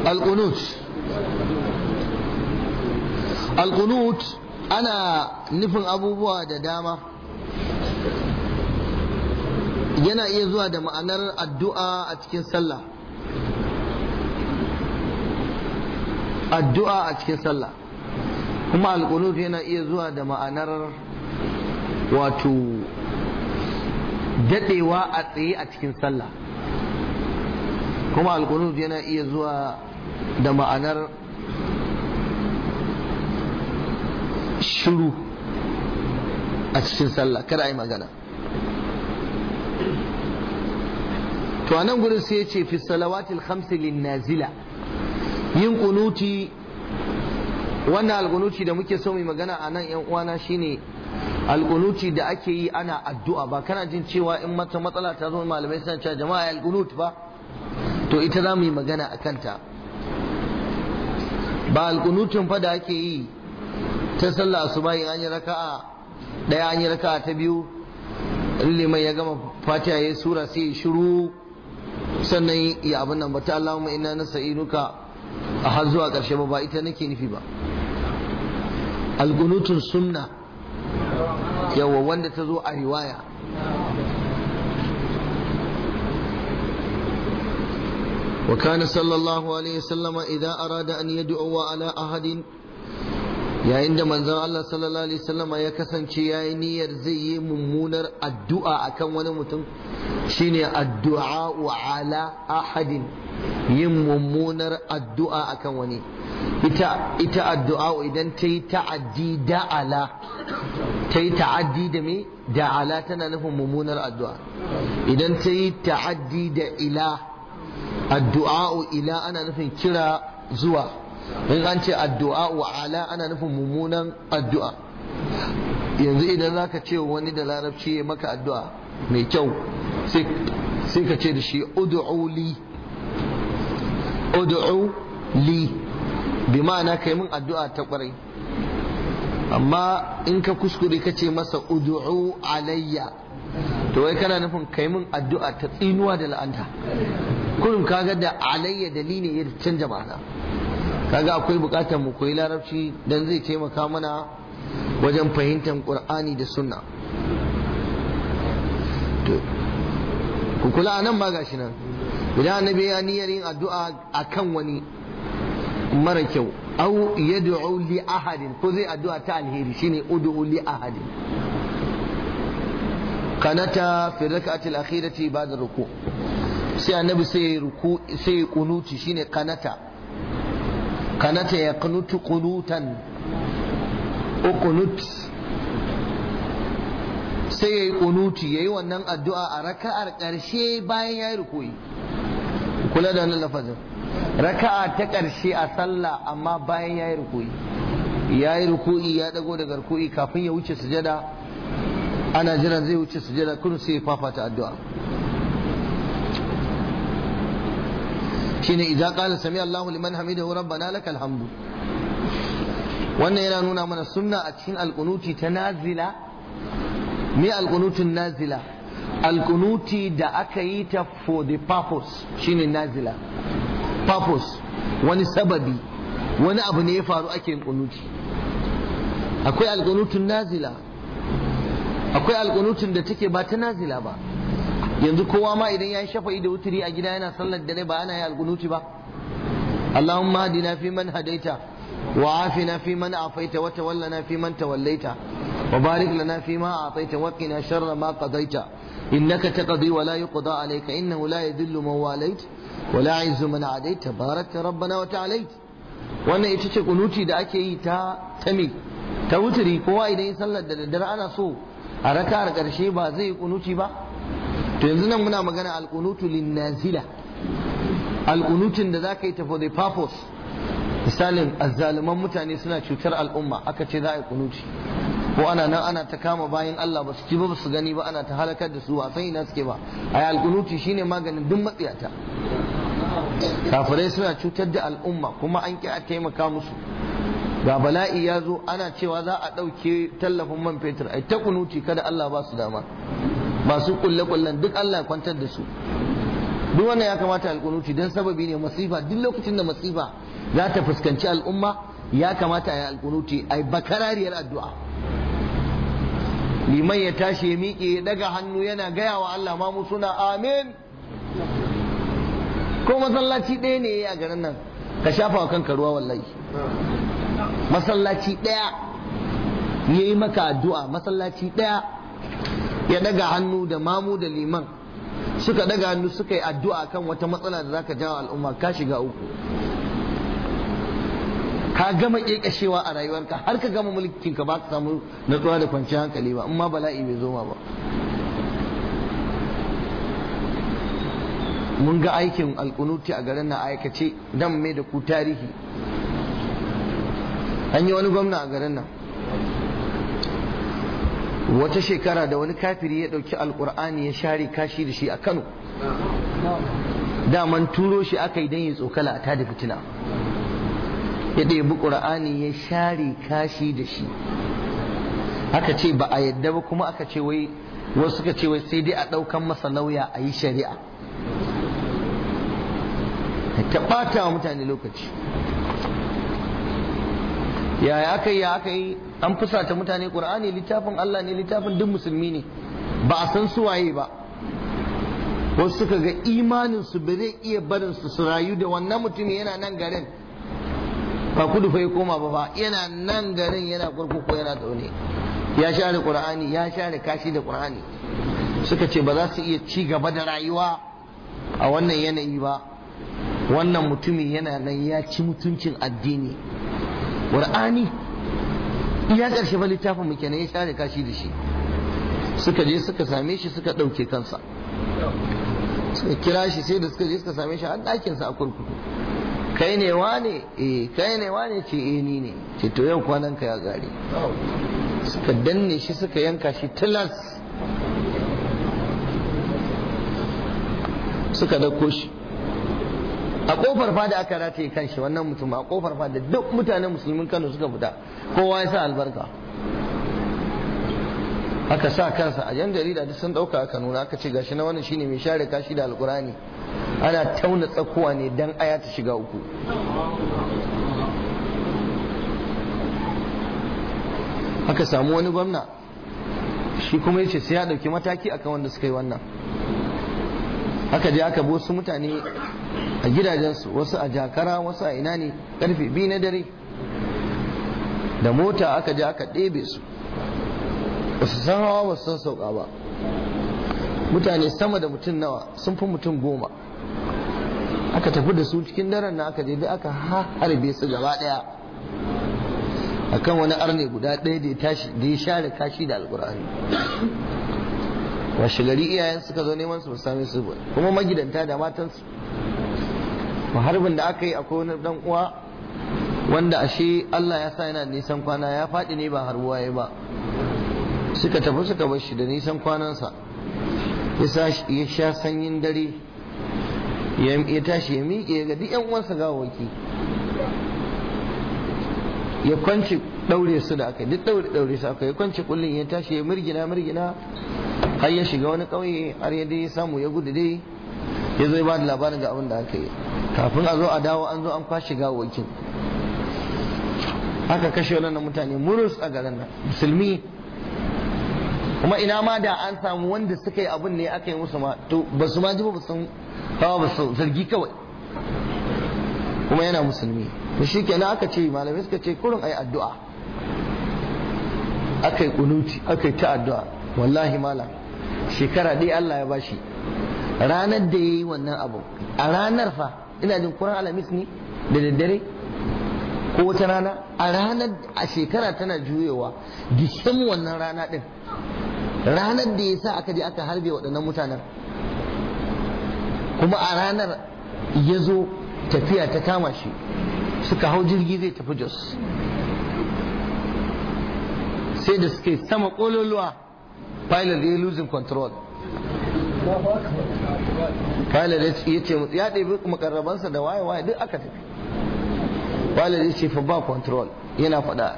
alƙunut alƙunut ana nufin abubuwa da dama yana iya zuwa da ma'anar addu'a a cikin sallah addu'a a cikin sallah kuma alƙunut yana iya zuwa da ma'anar wato daɗewa a tsaye a cikin sallah kuma alkunut yana iya zuwa da ma'anar shiru a cikin sallah kada a yi magana to a nan gudun sai ya ce fi salawatil khamsi nazila yin kunuti wannan alkunuti da muke so mai magana a nan yan uwana shine alkunuti da ake yi ana addu'a ba kana jin cewa in mata matsala ta zo malamai suna cewa jama'a alkunut ba to ita za mu yi magana a kanta ba alkunutun fa da ake yi ta sallah su in an yi raka'a daya an yi raka'a ta biyu liman ya gama fatiha ya sura sai ya shiru sannan ya abin nan ba ta na inna nasta'inuka a har zuwa ƙarshe ba ba ita nake nufi ba alkunutun sunna yawa wanda ta zo a riwaya وكان صلى الله عليه وسلم إذا أراد أن يدعو على أحد yayin da manzon Allah sallallahu alaihi wasallama ya kasance yayi niyyar zai yi mummunar addu'a akan wani mutum shine addu'a wa ahadin yin mummunar addu'a akan wani ita addu'a idan ta yi ta'addi da ala tana nufin mummunar addu'a idan ta yi ta'addi da ila addu'a'u ila ana nufin kira zuwa in an ce addu'a ala ana nufin mummunan addu'a yanzu idan zaka ce wani da larabci ya maka addu'a mai kyau sai ka ce da shi ud'u li na bi ma'ana kai min addu'a ta kwarai amma in ka kuskure ka ce masa udu'u alayya to wai kana nufin kai mun addu'a ta tsinuwa da la'anta kurin kaga da alayya dalili ya canja ma'ana kaga akwai bukatar mu koyi larabci dan zai taimaka mana wajen fahimtar qur'ani da sunna ku kula nan ma gashi nan idan annabi ya niyyar yin addu'a akan wani mara kyau au yad'u li ahadin ko zai addu'a ta alheri shine ud'u li ahadin qanata fi rak'ati al-akhirati ba'da ruku sai annabi sai ruku sai kunuti shine kanata kanata ya kunutan qunutan kunut sai yi kunuti yi wannan addu'a a raka'ar karshe bayan ya yi rukuyi kula da wannan lafazin raka'a ta karshe a sallah amma bayan ya yayi rukuyi yi ruku'i ya ɗago daga ruku'i kafin ya wuce sujada ana jiran zai wuce jira kun sai fafata addu'a shine idza qala sami Allahu liman hamidahu rabbana lakal hamdu wannan yana nuna mana sunna a cikin alqunuti ta nazila me alqunutun nazila alqunuti da aka yi ta for the purpose shine nazila purpose wani sababi wani abu ne ya faru ake alqunuti akwai alqunutun nazila akwai alƙunutun da take ba ta nazila ba yanzu kowa ma idan ya yi shafa'i da wuturi a gida yana sallar dare ba ana yi alƙunuti ba Allahumma hadina fi man hadaita wa afina fi man afaita wa tawallana fi man tawallaita wa barik lana fi ma ataita wa qina sharra ma qadaita innaka taqdi wa la yuqda alayka innahu la yadhillu man walayt wa la yu'izzu man adait tabarakta rabbana wa ta'alait wannan ita ce kunuti da ake yi ta tami ta wuturi kowa idan ya sallar da daddare ana so a raka'ar ƙarshe ba zai yi kunuti ba to yanzu nan muna magana alkunutu lin nazila alkunutun da za ka yi ta for the purpose misalin azzaluman mutane suna cutar al'umma aka ce za a yi kunuti ko ana nan ana ta kama bayan Allah ba su ci ba su gani ba ana ta halakar da su a san ina suke ba ayi alkunuti shine maganin duk matsiyata kafirai suna cutar da al'umma kuma an ki a taimaka musu ga bala'i ya zo ana cewa za a ɗauke tallafin man fetur ai ta kunuti kada Allah ba su dama masu kulle kullen duk Allah ya kwantar da su duk wannan ya kamata alkunuti don sababi ne masifa duk lokacin da masifa za ta fuskanci al'umma ya kamata ya alkunuti ai bakarariyar addu'a liman ya tashi ya miƙe ya daga hannu yana gaya wa Allah ma mu suna amin ko masallaci ɗaya ne ya a garin nan ka shafa wa kanka ruwa wallahi masallaci ɗaya ya yi maka addu'a masallaci ɗaya ya daga hannu da mamu da liman suka daga hannu suka yi addu'a kan wata matsala da zaka jawo al'umma ka shiga uku ka gama ƙeƙashewa a rayuwarka har ka gama mulkin ka ba ka samu natsuwa da kwanciyar hankali ba amma bala'i bai zoma ba mun ga aikin alkunuti a garin na aikace dan mai da ku tarihi an yi wani gwamna a garin nan wata shekara da wani kafiri ya ɗauki alkur'ani ya share kashi da shi a kano daman turo shi aka yi don ya tsokala a tada fitina ya ɗebi ƙur'ani ya share kashi da shi aka ce ba a yadda ba kuma aka ce wai wasu suka ce wai sai dai a ɗaukan masa nauya a yi shari'a ta ɓata wa mutane lokaci yaya aka yi ya aka an fusata mutane qur'ani littafin Allah ne littafin duk musulmi ne ba a san su waye ba wasu suka ga imanin su ba zai iya barin su su rayu da wannan mutumin yana nan garin ba kudu fa koma ba ba yana nan garin yana kurkuku yana tsaune ya share qur'ani ya share kashi da qur'ani suka ce ba za su iya ci gaba da rayuwa a wannan yanayi ba wannan mutumin yana nan ya ci mutuncin addini qur'ani iya karshe ba littafin muke ne ya share kashi da shi suka je suka same shi suka ɗauke kansa suka kira shi sai da suka je suka same shi an ɗakinsa a kurkuku kai ne wane eh kai ne wane ce eh ni ne ce to yau kwanan ka ya gare suka danne shi suka yanka shi tilas suka dauko shi a kofar fada aka rataye kanshi wannan mutum a kofar fada duk mutanen musulmin Kano suka fita kowa ya sa albarka aka sa kansa a yan jarida duk sun dauka aka nuna aka ce gashi na wannan shine mai share kashi da alkurani ana tauna tsakuwa ne dan aya ta shiga uku aka samu wani gwamna shi kuma yace sai ya dauki mataki akan wanda suka yi wannan aka je aka wasu mutane a gidajensu wasu a jakara wasu a ina ne karfe biyu na dare da mota aka je aka ɗebe su wasu san hawa ba san sauka ba mutane sama da mutum nawa sun fi mutum goma aka tafi da su cikin daren na aka je da aka harbe su gaba ɗaya akan wani arne guda ɗaya da ya tashi da ya share kashi da alkur'ani washe gari iyayen suka zo neman su same su kuma magidanta da matansu harbin da aka yi akwai wani dan uwa wanda ashe Allah ya sa yana nisan kwana ya faɗi ne ba harbuwa ya ba suka tafi suka bar shi da nisan kwanansa ya sha sanyin dare ya tashi ya miƙe ga duk yan uwansa waki ya kwance ɗaure su da aka duk ɗaure ɗaure su aka ya kwance kullun ya tashi ya mirgina mirgina har ya shiga wani ƙauye har ya dai samu ya gudu dai ya zo ya ba da labarin ga abin da aka yi kafin a zo a dawo an zo an kwashe gawakin aka kashe wannan mutane murus a garin nan musulmi kuma ina ma da an samu wanda suka yi abin ne aka yi musu ma to ba su ma ji ba sun hawa ba su zargi kawai kuma yana musulmi to shi kenan aka ce malamai suka ce kurin ayi addu'a aka yi kunuti aka yi ta addu'a wallahi malam shekara ɗaya Allah ya bashi ranar da ya yi wannan abu a ranar fa ina jin kuran alamis ne da daddare ko wata rana a ranar a shekara tana juyewa gishin wannan rana ɗin ranar da ya sa aka je aka harbe waɗannan mutanen kuma a ranar ya zo tafiya ta kama shi suka hau jirgi zai tafi jos sai da suke sama ƙololuwa pilot ya losing control pilot ya ce ya ɗebi makarrabansa da waye waye duk aka tafi pilot ya ce fa ba control yana faɗa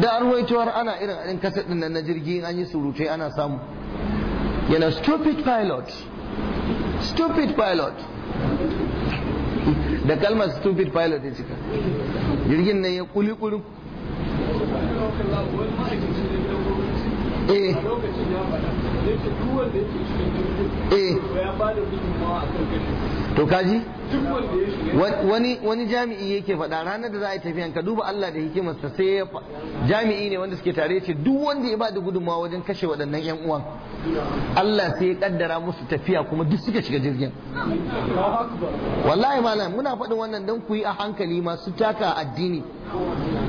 da arwaitowar ana irin ɗin kasar ɗin na jirgi an yi surutai ana samu yana stupid pilot stupid pilot da kalmar stupid pilot ya cika jirgin nan ya kuli kuli Eh. eh to kaji wani wani jami'i yake faɗa ranar da za a yi tafiyan ka duba Allah da hikimarsa sai ya jami'i ne wanda suke tare ce duk wanda ya bada gudunmawa wajen kashe waɗannan yan uwan Allah sai ya kaddara musu tafiya kuma duk suka shiga jirgin wallahi malam muna faɗin wannan dan ku yi a hankali masu taka addini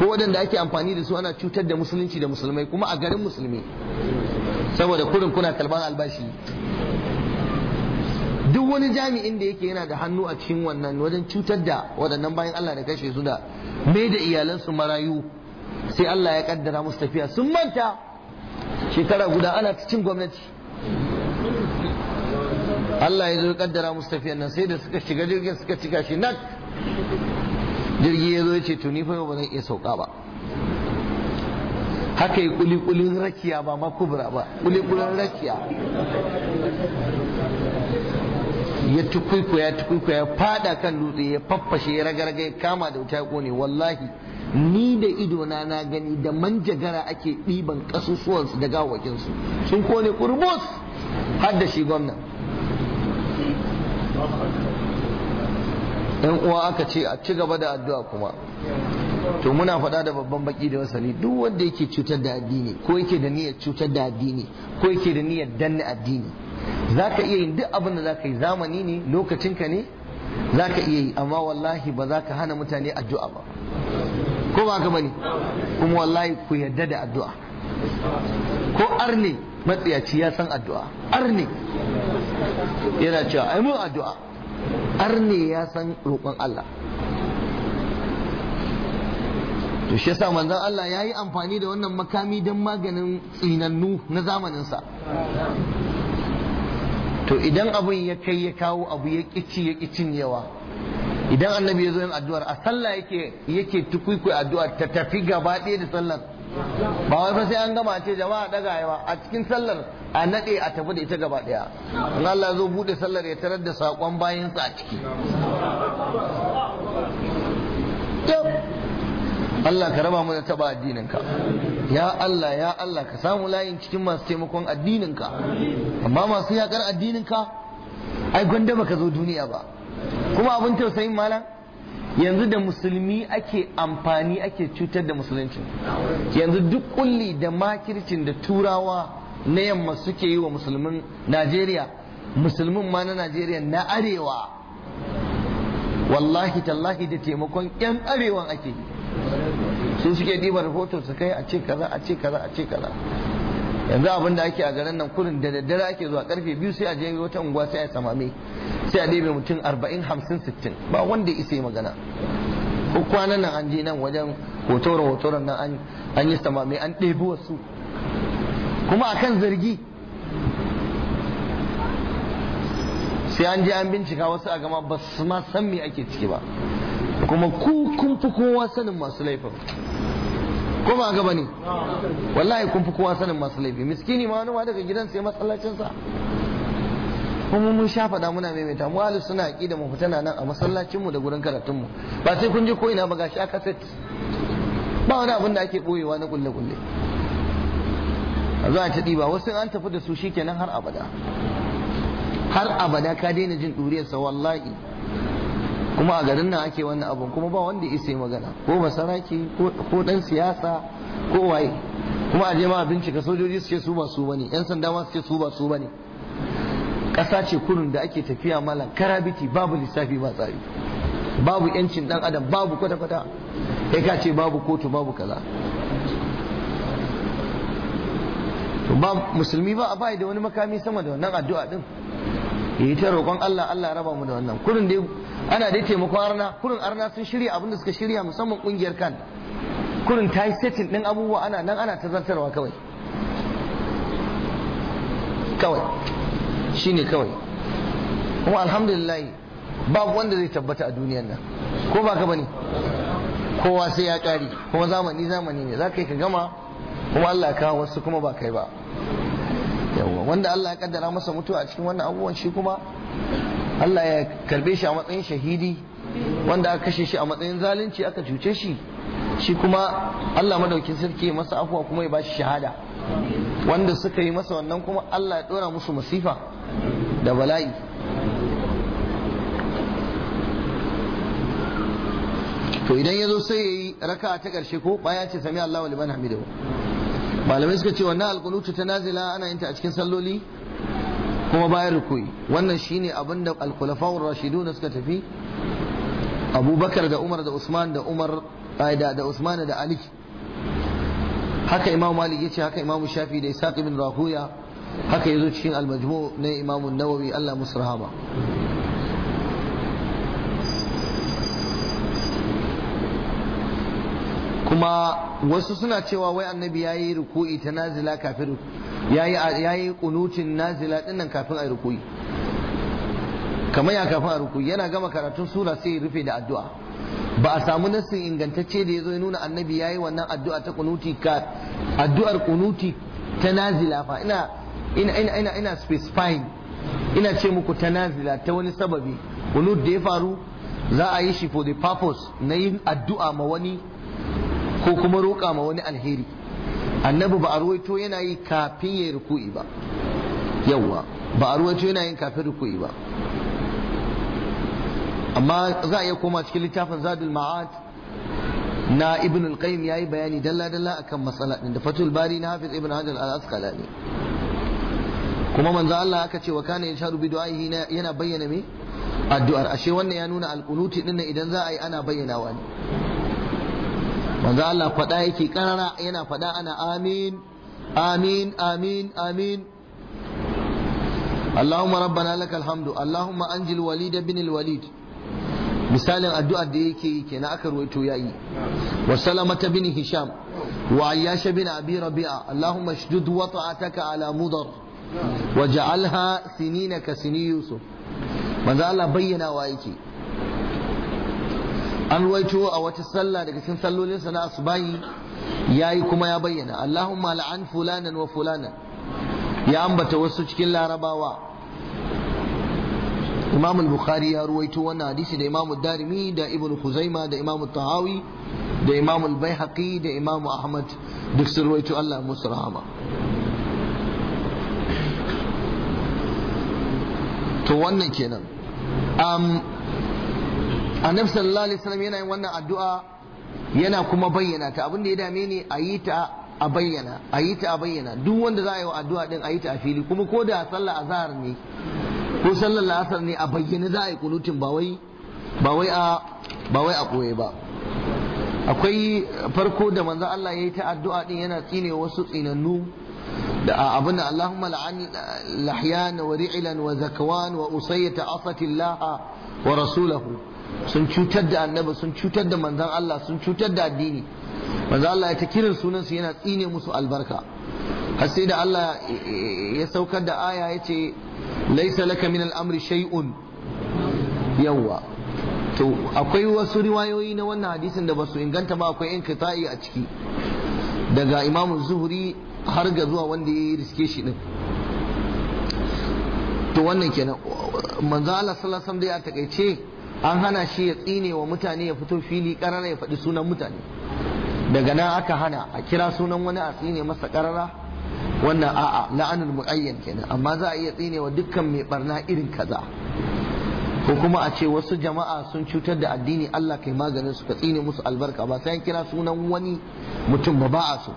ko waɗanda ake amfani da su ana cutar da musulunci da musulmai kuma a garin musulmi saboda kurin kuna kalban albashi duk wani jami'in da yake yana da hannu a cikin wannan wajen cutar da waɗannan bayan Allah da kashe su da mai da iyalansu marayu sai Allah ya kaddara musu tafiya sun manta shekara guda ana cikin gwamnati Allah ya zo kaddara musu tafiyan nan sai da suka shiga jirgin suka cika shi nak jirgi ya zo ya ce tuni fa yau ba zan iya sauka ba haka yi kulikulin rakiya ba ma ba kulikulin rakiya ya tukwiko ya tukwiko ya fada kan dutse ya faffashe ya ragarga ya kama da wuta ya kone wallahi ni da ido na na gani da manjagara ake ɗiban ƙasusuwansu da gawakinsu sun kone kurbus har da shi gwamna yan uwa aka ce a ci gaba da addu'a kuma to muna faɗa da babban baki da wasali duk wanda yake cutar da addini ko yake da niyyar cutar da addini ko yake da niyyar danna addini zaka iya yin duk abin da zaka yi zamani ne lokacinka ne zaka iya yi amma wallahi ba za ka hana mutane addu'a ba ko ba ka bane kuma wallahi ku yarda da addu'a ko arne matsiyaci ya san addu'a arne yana cewa ai mun addu'a arne ya san roƙon Allah to shi yasa manzon Allah ya yi amfani da wannan makami don maganin tsinannu na zamaninsa to idan abin ya kai ya kawo abu ya ƙici ya ƙicin yawa idan annabi ya zo yin addu'ar a sallah yake yake tukuikui addu'ar ta tafi gaba ɗaya da sallar ba wai fa sai an gama ce jama'a daga yawa a cikin sallar a nade a tafi da ita gaba daya in Allah zo bude sallar ya tarar da sakon bayin sa a ciki Allah ka raba mu da taba addininka ya Allah ya Allah ka samu layin cikin masu taimakon addininka amma masu yakar addininka ai gwanda baka zo duniya ba kuma abin tausayin malam yanzu da musulmi ake amfani ake cutar da musulunci yanzu duk kulli da makircin da turawa na yamma suke yi wa musulmin najeriya musulmin ma na najeriya na arewa wallahi tallahi da taimakon yan arewan ake sun suke ɗiba rahoto su kai a ce kaza a ce kaza a ce kaza yanzu abin da ake a garin nan kurin da daddare ake zuwa karfe biyu sai a je wata unguwa sai a samame sai a ɗebe mutum arba'in hamsin sittin ba wanda ya isa magana ko kwanan nan an je nan wajen hotoron hotoron nan an yi samame an ɗebi wasu kuma a kan zargi sai an je an bincika wasu a gama ba su ma san me ake ciki ba kuma ku kun fi kowa sanin masu laifin ko ba gaba ne wallahi kun fi kowa sanin masu laifi miskini ma wani ma daga gidan sai masallacinsa kuma mun sha faɗa muna maimaita mu ahlus suna da mu fitana nan a masallacinmu mu da gurin karatun mu ba sai kun ji ko ina ba gashi a kaset ba wani abin da ake boyewa na kulle kulle a zuwa ta ɗiba wasu an tafi da su shi kenan har abada har abada ka daina jin ɗuriyarsa wallahi kuma a garin nan ake wannan abun kuma ba wanda isa yi magana ko masaraki ko dan siyasa ko waye kuma a je ma bincika sojoji su ce su ba su bane yan sanda ma su ce su ba su bane ƙasa ce kurun da ake tafiya malam karabiti babu lissafi ba tsari babu yancin dan adam babu kwata-kwata kai ka ce babu kotu babu kaza to ba musulmi ba a bai da wani makami sama da wannan addu'a din yi ta roƙon Allah Allah raba mu da wannan kurin dai ana dai taimakon arna kurin arna sun shirya abinda da suka shirya musamman kungiyar kan kurin ta yi setting din abubuwa ana nan ana ta zartarwa kawai kawai shine kawai kuma alhamdulillah ba wanda zai tabbata a duniyar nan ko ba ka bane kowa sai ya kare kuma zamani zamani ne za ka yi ka gama kuma Allah ka wasu kuma ba kai ba yawwa wanda Allah ya kaddara masa mutuwa a cikin wannan abubuwan shi kuma Allah ya karbe shi a matsayin shahidi wanda aka kashe shi a matsayin zalunci aka cuce shi shi kuma Allah madaukin sarki ya masa afuwa kuma ya ba shi shahada wanda suka yi masa wannan kuma Allah ya dora musu masifa da bala'i to idan ya zo sai ya yi raka ta ƙarshe ko baya ce sami Allah wa liman hamidu malamai suka ce wannan alƙunutu ta nazila ana yin ta a cikin salloli kuma bayan rukui wannan shine abin da alkhulafa'ur rashiduna suka tafi abubakar da umar da usman da umar da da usman da ali haka imam malik yace haka imam shafi da isaq ibn rahuya haka yazo cikin al-majmu' na imam an-nawawi Allah musu kuma wasu suna cewa wai annabi ya yi ruku'i ta nazila kafin ya yi kunutin nazila dinnan kafin a ruku'i kamar ya kafin a ruku'i yana gama karatun sura sai ya rufe da addu'a ba a samu nassin ingantacce da ya zo ya nuna annabi ya yi wannan addu'a ta kunuti ka addu'ar kunuti ta nazila fa ina ina ina ina ina specifying ina ce muku ta nazila ta wani sababi kunut da ya faru za a yi shi for the purpose na yin addu'a ma wani ko kuma roƙa ma wani alheri annabi ba a ruwaito yana yi kafin ya ruku'i ba yawwa ba a ruwaito yana yin kafin ruku'i ba amma za a iya koma cikin littafin zadul ma'ad na ibn al-qayyim yayi bayani dalla dalla akan matsala din da fatul bari na hafiz ibn hajar al-asqalani kuma manzo Allah aka ce wa kana yashhadu bi du'ahi yana bayyana me addu'ar ashe wannan ya nuna al-qunuti idan za a yi ana bayyana ne manzo Allah faɗa yake karara yana faɗa ana amin amin amin amin اللهم ربنا لك الحمد اللهم انجل وليد بن الوليد misalin addu'ar da yake yi kenan aka ruwaito yayi wa salamata bin hisham wa ayyasha bin abi rabi'a allahumma shdud wata'ataka ala mudar wa ja'alha sinina ka sini yusuf manzo Allah bayyana wa yake an ruwaito a wata sallah daga cikin sallolinsa na asubahi yayi kuma ya bayyana Allahumma la'an fulanan wa fulanan ya ambata wasu cikin larabawa Imam al-Bukhari ya ruwaito wannan hadisi da Imam darimi da Ibn Khuzaima da Imam Tahawi da Imam al-Baihaqi da Imam Ahmad duk sun ruwaito Allah musu rahama to wannan kenan um, annabi sallallahu alaihi wasallam yana yin wannan addu'a yana kuma bayyana ta abin da ya dame ni a yi ta a bayyana a yi ta a bayyana duk wanda za a yi wa addu'a din a yi ta a fili kuma ko da sallar azhar ne ko sallar la'asar ne a bayyana za a yi kunutin ba wai ba wai a ba wai a koye ba akwai farko da manzo Allah ya yi ta addu'a din yana tsine wasu tsinannu da abin da Allahumma la'ani lahyan wa ri'lan wa zakwan wa usayyata asatillaha wa rasulahu sun cutar da annabi sun cutar da manzan Allah sun cutar da addini manzan Allah ya ta kiran sunansu yana tsine musu albarka har sai da Allah ya saukar da aya ya ce laisa laka min al'amri shay'un yawwa to akwai wasu riwayoyi na wannan hadisin da ba su inganta ba akwai inkita'i a ciki daga imamun zuhuri har ga zuwa wanda ya yi riske shi din to wannan kenan manzo Allah sallallahu alaihi wasallam dai a takaice an hana shi ya tsine wa mutane ya fito fili karara ya faɗi sunan mutane daga nan aka hana a kira sunan wani a tsine masa karara wannan a'a la'anul mu'ayyan kenan amma za a iya tsine wa dukkan mai barna irin kaza ko kuma a ce wasu jama'a sun cutar da addini Allah kai maganin su ka tsine musu albarka ba sai kira sunan wani mutum ba ba a so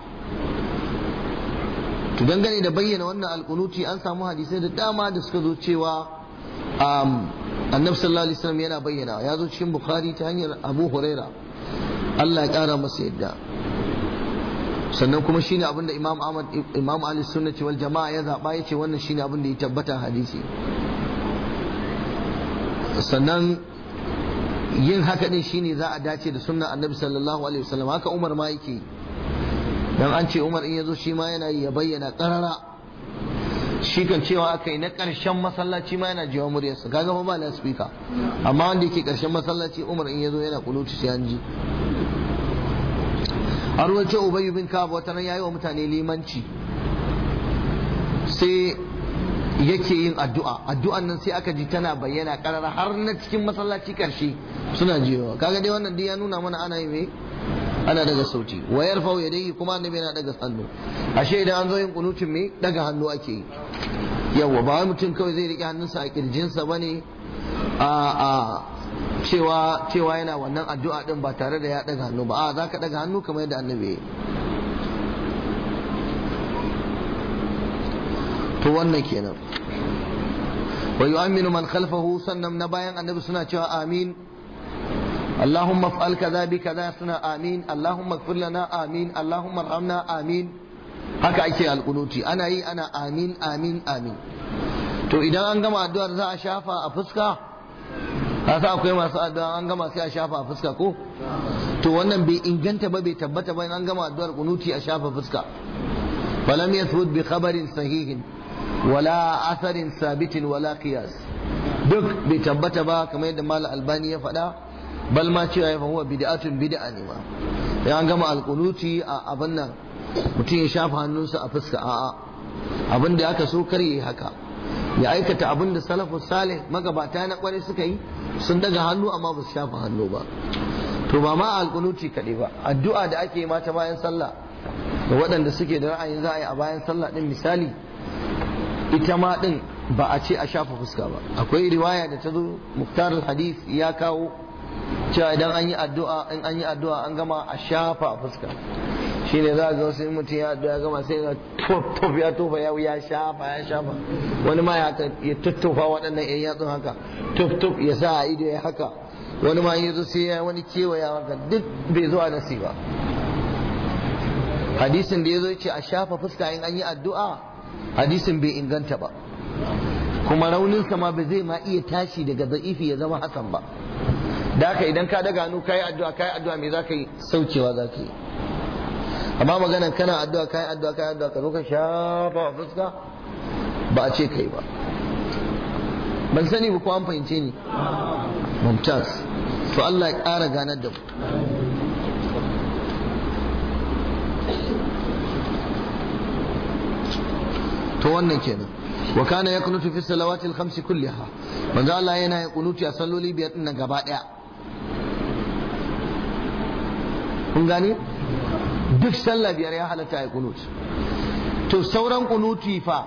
to dangane da bayyana wannan alkunuti an samu hadisai da dama da suka zo cewa um, annabi sallallahu alaihi wasallam yana bayyana ya zo cikin bukhari ta hanyar abu huraira Allah ya kara masa yadda sannan kuma shine abin da imam ahmad imam ali sunnati wal jama'a ya zaba yace wannan shine abin da ya tabbata hadisi sannan yin haka din shine za a dace da sunnan annabi sallallahu alaihi wasallam haka umar ma yake dan an ce umar in yazo shi ma yana ya bayyana karara shi kan cewa aka yi na karshen masallaci ma yana jiwa muryarsa kaga ba ba spika amma wanda yake karshen masallaci umar in ya zo yana kulutu sai an ji a wace ubayu bin kab wata ya yayi wa mutane limanci sai yake yin addu'a addu'an nan sai aka ji tana bayyana karara har na cikin masallaci karshe suna jiwa kaga dai wannan dai ya nuna mana ana yi ana daga sauti wa yarfau yadayhi kuma annabi yana daga hannu ashe idan an zo yin kunutun me daga hannu ake yi yawa ba mutum kawai zai rike hannunsa a kirjinsa bane a a cewa cewa yana wannan addu'a din ba tare da ya daga hannu ba a zaka daga hannu kamar yadda annabi to wannan kenan wa yu'minu man khalfahu sannan na bayan annabi suna cewa amin اللهم افعل كذا بكذا سنا آمين اللهم اغفر لنا آمين اللهم ارحمنا آمين haka ake alkunuti ana yi ana amin amin amin to idan an gama addu'ar za a shafa a fuska sa akwai masu addu'a an gama sai a shafa a fuska ko to wannan bai inganta ba bai tabbata ba an gama addu'ar kunuti a shafa fuska falam yathbut bi khabarin sahihin wala atharin sabitin wala qiyas duk bai tabbata ba kamar yadda mal albani ya faɗa bal ma cewa ya fahuwa bid'atun bid'a ne ma ya gama alƙunuti a abin nan mutum ya shafa hannunsa a fuska a'a abin da aka so kar yi haka ya aikata abin da salafus salih magabata na kwarai suka yi sun daga hannu amma ba su shafa hannu ba to ba ma alƙunuti kaɗai ba addu'a da ake yi mata bayan sallah da waɗanda suke da ra'ayin za a yi a bayan sallah din misali ita ma din ba a ce a shafa fuska ba akwai riwaya da ta zo muktar hadith ya kawo cewa idan an yi addu'a in an yi addu'a an gama a shafa fuska shi ne za a ga sai mutum ya addu'a gama sai ga tof ya tofa ya ya shafa ya shafa wani ma ya tuttufa waɗannan yan yatsun haka tof ya sa a ido ya haka wani ma yanzu sai ya wani kewaya haka duk bai zo a nasi ba hadisin da ya zo ce a shafa fuska in an yi addu'a hadisin bai inganta ba kuma rauninsa ma ba zai ma iya tashi daga za'ifi ya zama hasan ba da haka idan ka daga hannu kayi addu'a kayi addu'a me zaka yi saukewa zaka yi amma maganan kana addu'a kayi addu'a kayi addu'a ka zo ka shafa fuska ba a ce kai ba ban sani ba ko an fahimce ni mumtaz to Allah ya ƙara ganar da mu to wannan kenan wa kana yakunutu fi salawatil khamsi kulliha manzo Allah yana yin kunuti a salloli biyar din nan gaba daya kun gane duk sallah biyar ya halatta ya kunut to sauran kunuti fa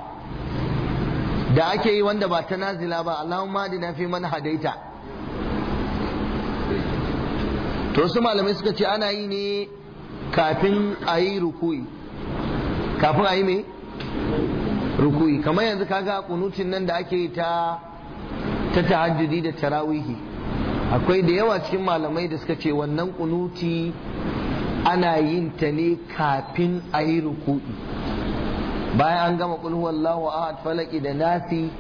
da ake yi wanda ba ta nazila ba Allahumma adina fi man hadaita to su malamai suka ce ana yi ne kafin a yi rukui kafin a yi me rukui kamar yanzu kaga kunutin nan da ake yi ta ta tahajjudi da tarawihi akwai da yawa cikin malamai da suka ce wannan kunuti ana yin ta ne kafin a yi ruku'i bayan an gama kul huwallahu ahad falaki da nasi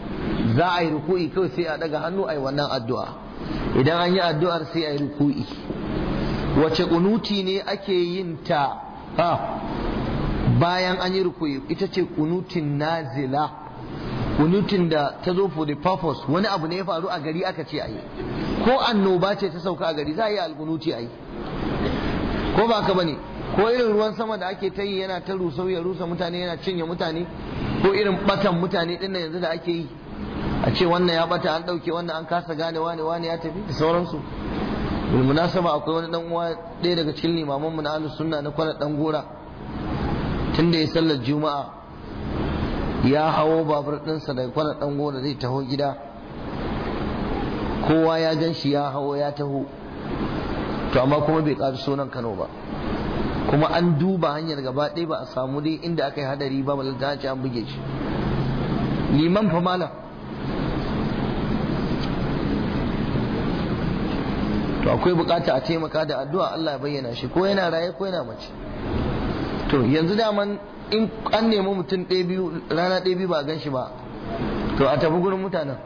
za a yi ruku'i kawai sai a daga hannu a yi wannan addu'a idan an yi addu'ar sai a yi ruku'i wace kunuti ne ake yin ta ah, bayan an yi ruku'i ita ce kunutin nazila kunutin da ta zo for the purpose wani abu ne ya faru a gari aka ce ayi ko annoba ce ta sauka a gari za a yi alkunuti ayi ko ba ka bane ko irin ruwan sama da ake ta yi yana ta rusau ya rusa mutane yana cinye mutane ko irin batan mutane din yanzu da ake yi a ce wannan ya bata an dauke wannan an kasa gane wane wane ya tafi da sauransu bil munasaba akwai wani dan uwa daya daga cikin limaman mu na ahlus sunna na kwana dan gora tunda ya sallar juma'a ya hawo babur ɗinsa da kwana ɗan gona zai taho gida kowa ya gan shi ya hawo ya taho to amma kuma bai ƙari sunan kano ba kuma an duba hanyar gaba ɗaya ba a samu dai inda aka yi hadari ba balanta ce an buge shi liman fa malam to akwai bukata a taimaka da addu'a Allah ya bayyana shi ko yana raye ko yana mace to yanzu daman in an nemi mutum ɗaya biyu rana ɗaya biyu ba a gan shi ba to a tafi gurin mutanen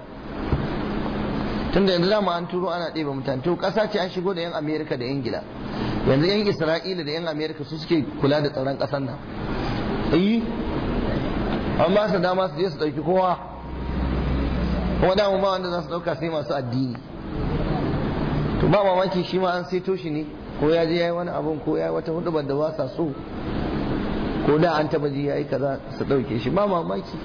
tunda yanzu dama an turo ana ba mutane to ƙasa ce an shigo da 'yan amerika da 'yan gida yanzu 'yan isra'ila da 'yan amerika su suke kula da tsaron ƙasar nan yi an ba su dama su je su ɗauki kowa kuma dama ba wanda za su ɗauka sai masu addini to ba mamaki shi ma an saito shi ne ko ya je ya yi wani abun ko ya yi wata hudu da ba sa so ko da an taba ji yayi kaza su dauke shi ba mamaki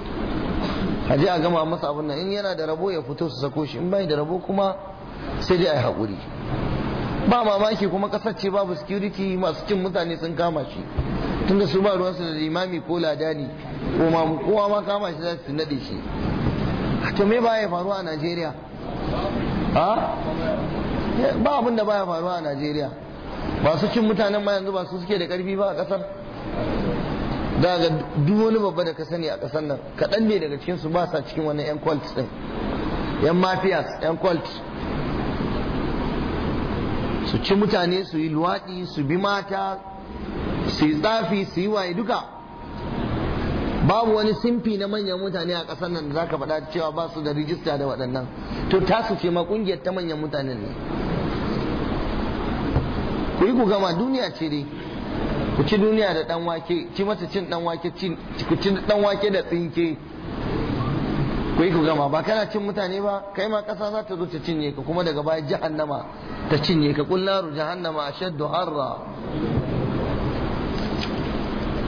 a je a gama masa abin nan in yana da rabo ya fito su sako shi in bai da rabo kuma sai dai ai hakuri ba mamaki kuma kasar ce babu security masu cin mutane sun kama shi tunda su ba ruwansu da limami ko ladani ko ma kowa ma kama shi za su nade shi to me baya faruwa a Najeriya a ba abin da baya faruwa a Najeriya ba su cin mutanen ma yanzu ba su suke da karfi ba a kasar daga ga duk wani babba da ka sani a ƙasar nan kaɗan ne daga cikinsu ba sa cikin wannan 'yan cult ɗin 'yan mafias 'yan cult su ci mutane su yi luwaɗi su bi mata su yi tsafi su yi waye duka babu wani simfi na manyan mutane a ƙasar nan da za ka faɗa cewa ba su da rijista da waɗannan to ta su ce ma ƙungiyar ta manyan mutanen ne ku yi ku gama duniya ce dai ku ci duniya da dan wake ci mata cin dan wake ku ci dan wake da tsinke ku yi ku gama ba kana cin mutane ba kai ma kasa za ta zo ta cinye ka kuma daga baya jahannama ta cinye ka kun naru jahannama shaddu harra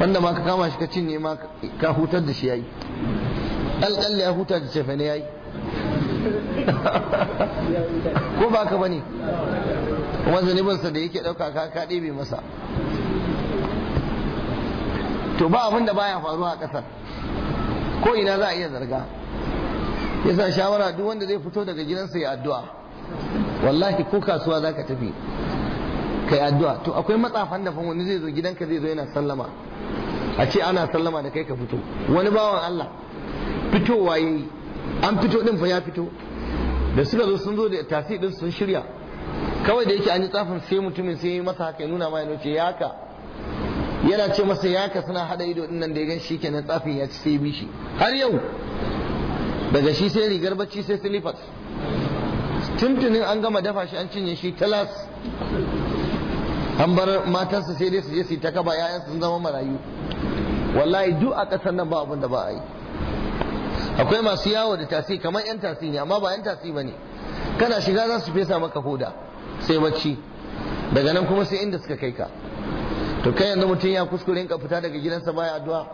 wanda ma ka kama shi ka cinye ma ka hutar da shi yayi alƙalla ya huta da cefa ne yayi ko ba ka bane kuma zanibinsa da yake ɗauka ka ka ɗebe masa to ba abin da baya faruwa a ƙasar ko ina za a iya zarga yasa shawara duk wanda zai fito daga gidansa ya addu'a wallahi ko kasuwa za ka tafi yi addu'a to akwai matsafan da wani zai zo gidanka zai zo yana sallama a ce ana sallama da kai ka fito wani bawan Allah fitowa yayi an fito din fa ya fito da suka zo sun zo da tasi din sun shirya kawai da yake an yi tsafin sai mutumin sai ya yi masa haka ya nuna ma ya ce ya haka yana ce masa ya ka suna haɗa ido din nan da ya gan shi kenan tsafin ya ci sai bi shi har yau daga shi sai rigar bacci sai silifas tuntunin an gama dafa shi an cinye shi talas an bar matansa sai dai su je su yi ta kaba ya'yan sun zama marayu wallahi duk a ƙasar nan ba abin da ba a yi akwai masu yawo da tasi kamar yan tasi ne amma ba yan tasi ba ne kana shiga za su fesa maka hoda sai bacci daga nan kuma sai inda suka kai ka to kai yanzu mutum ya kuskure ka fita daga gidansa baya addu'a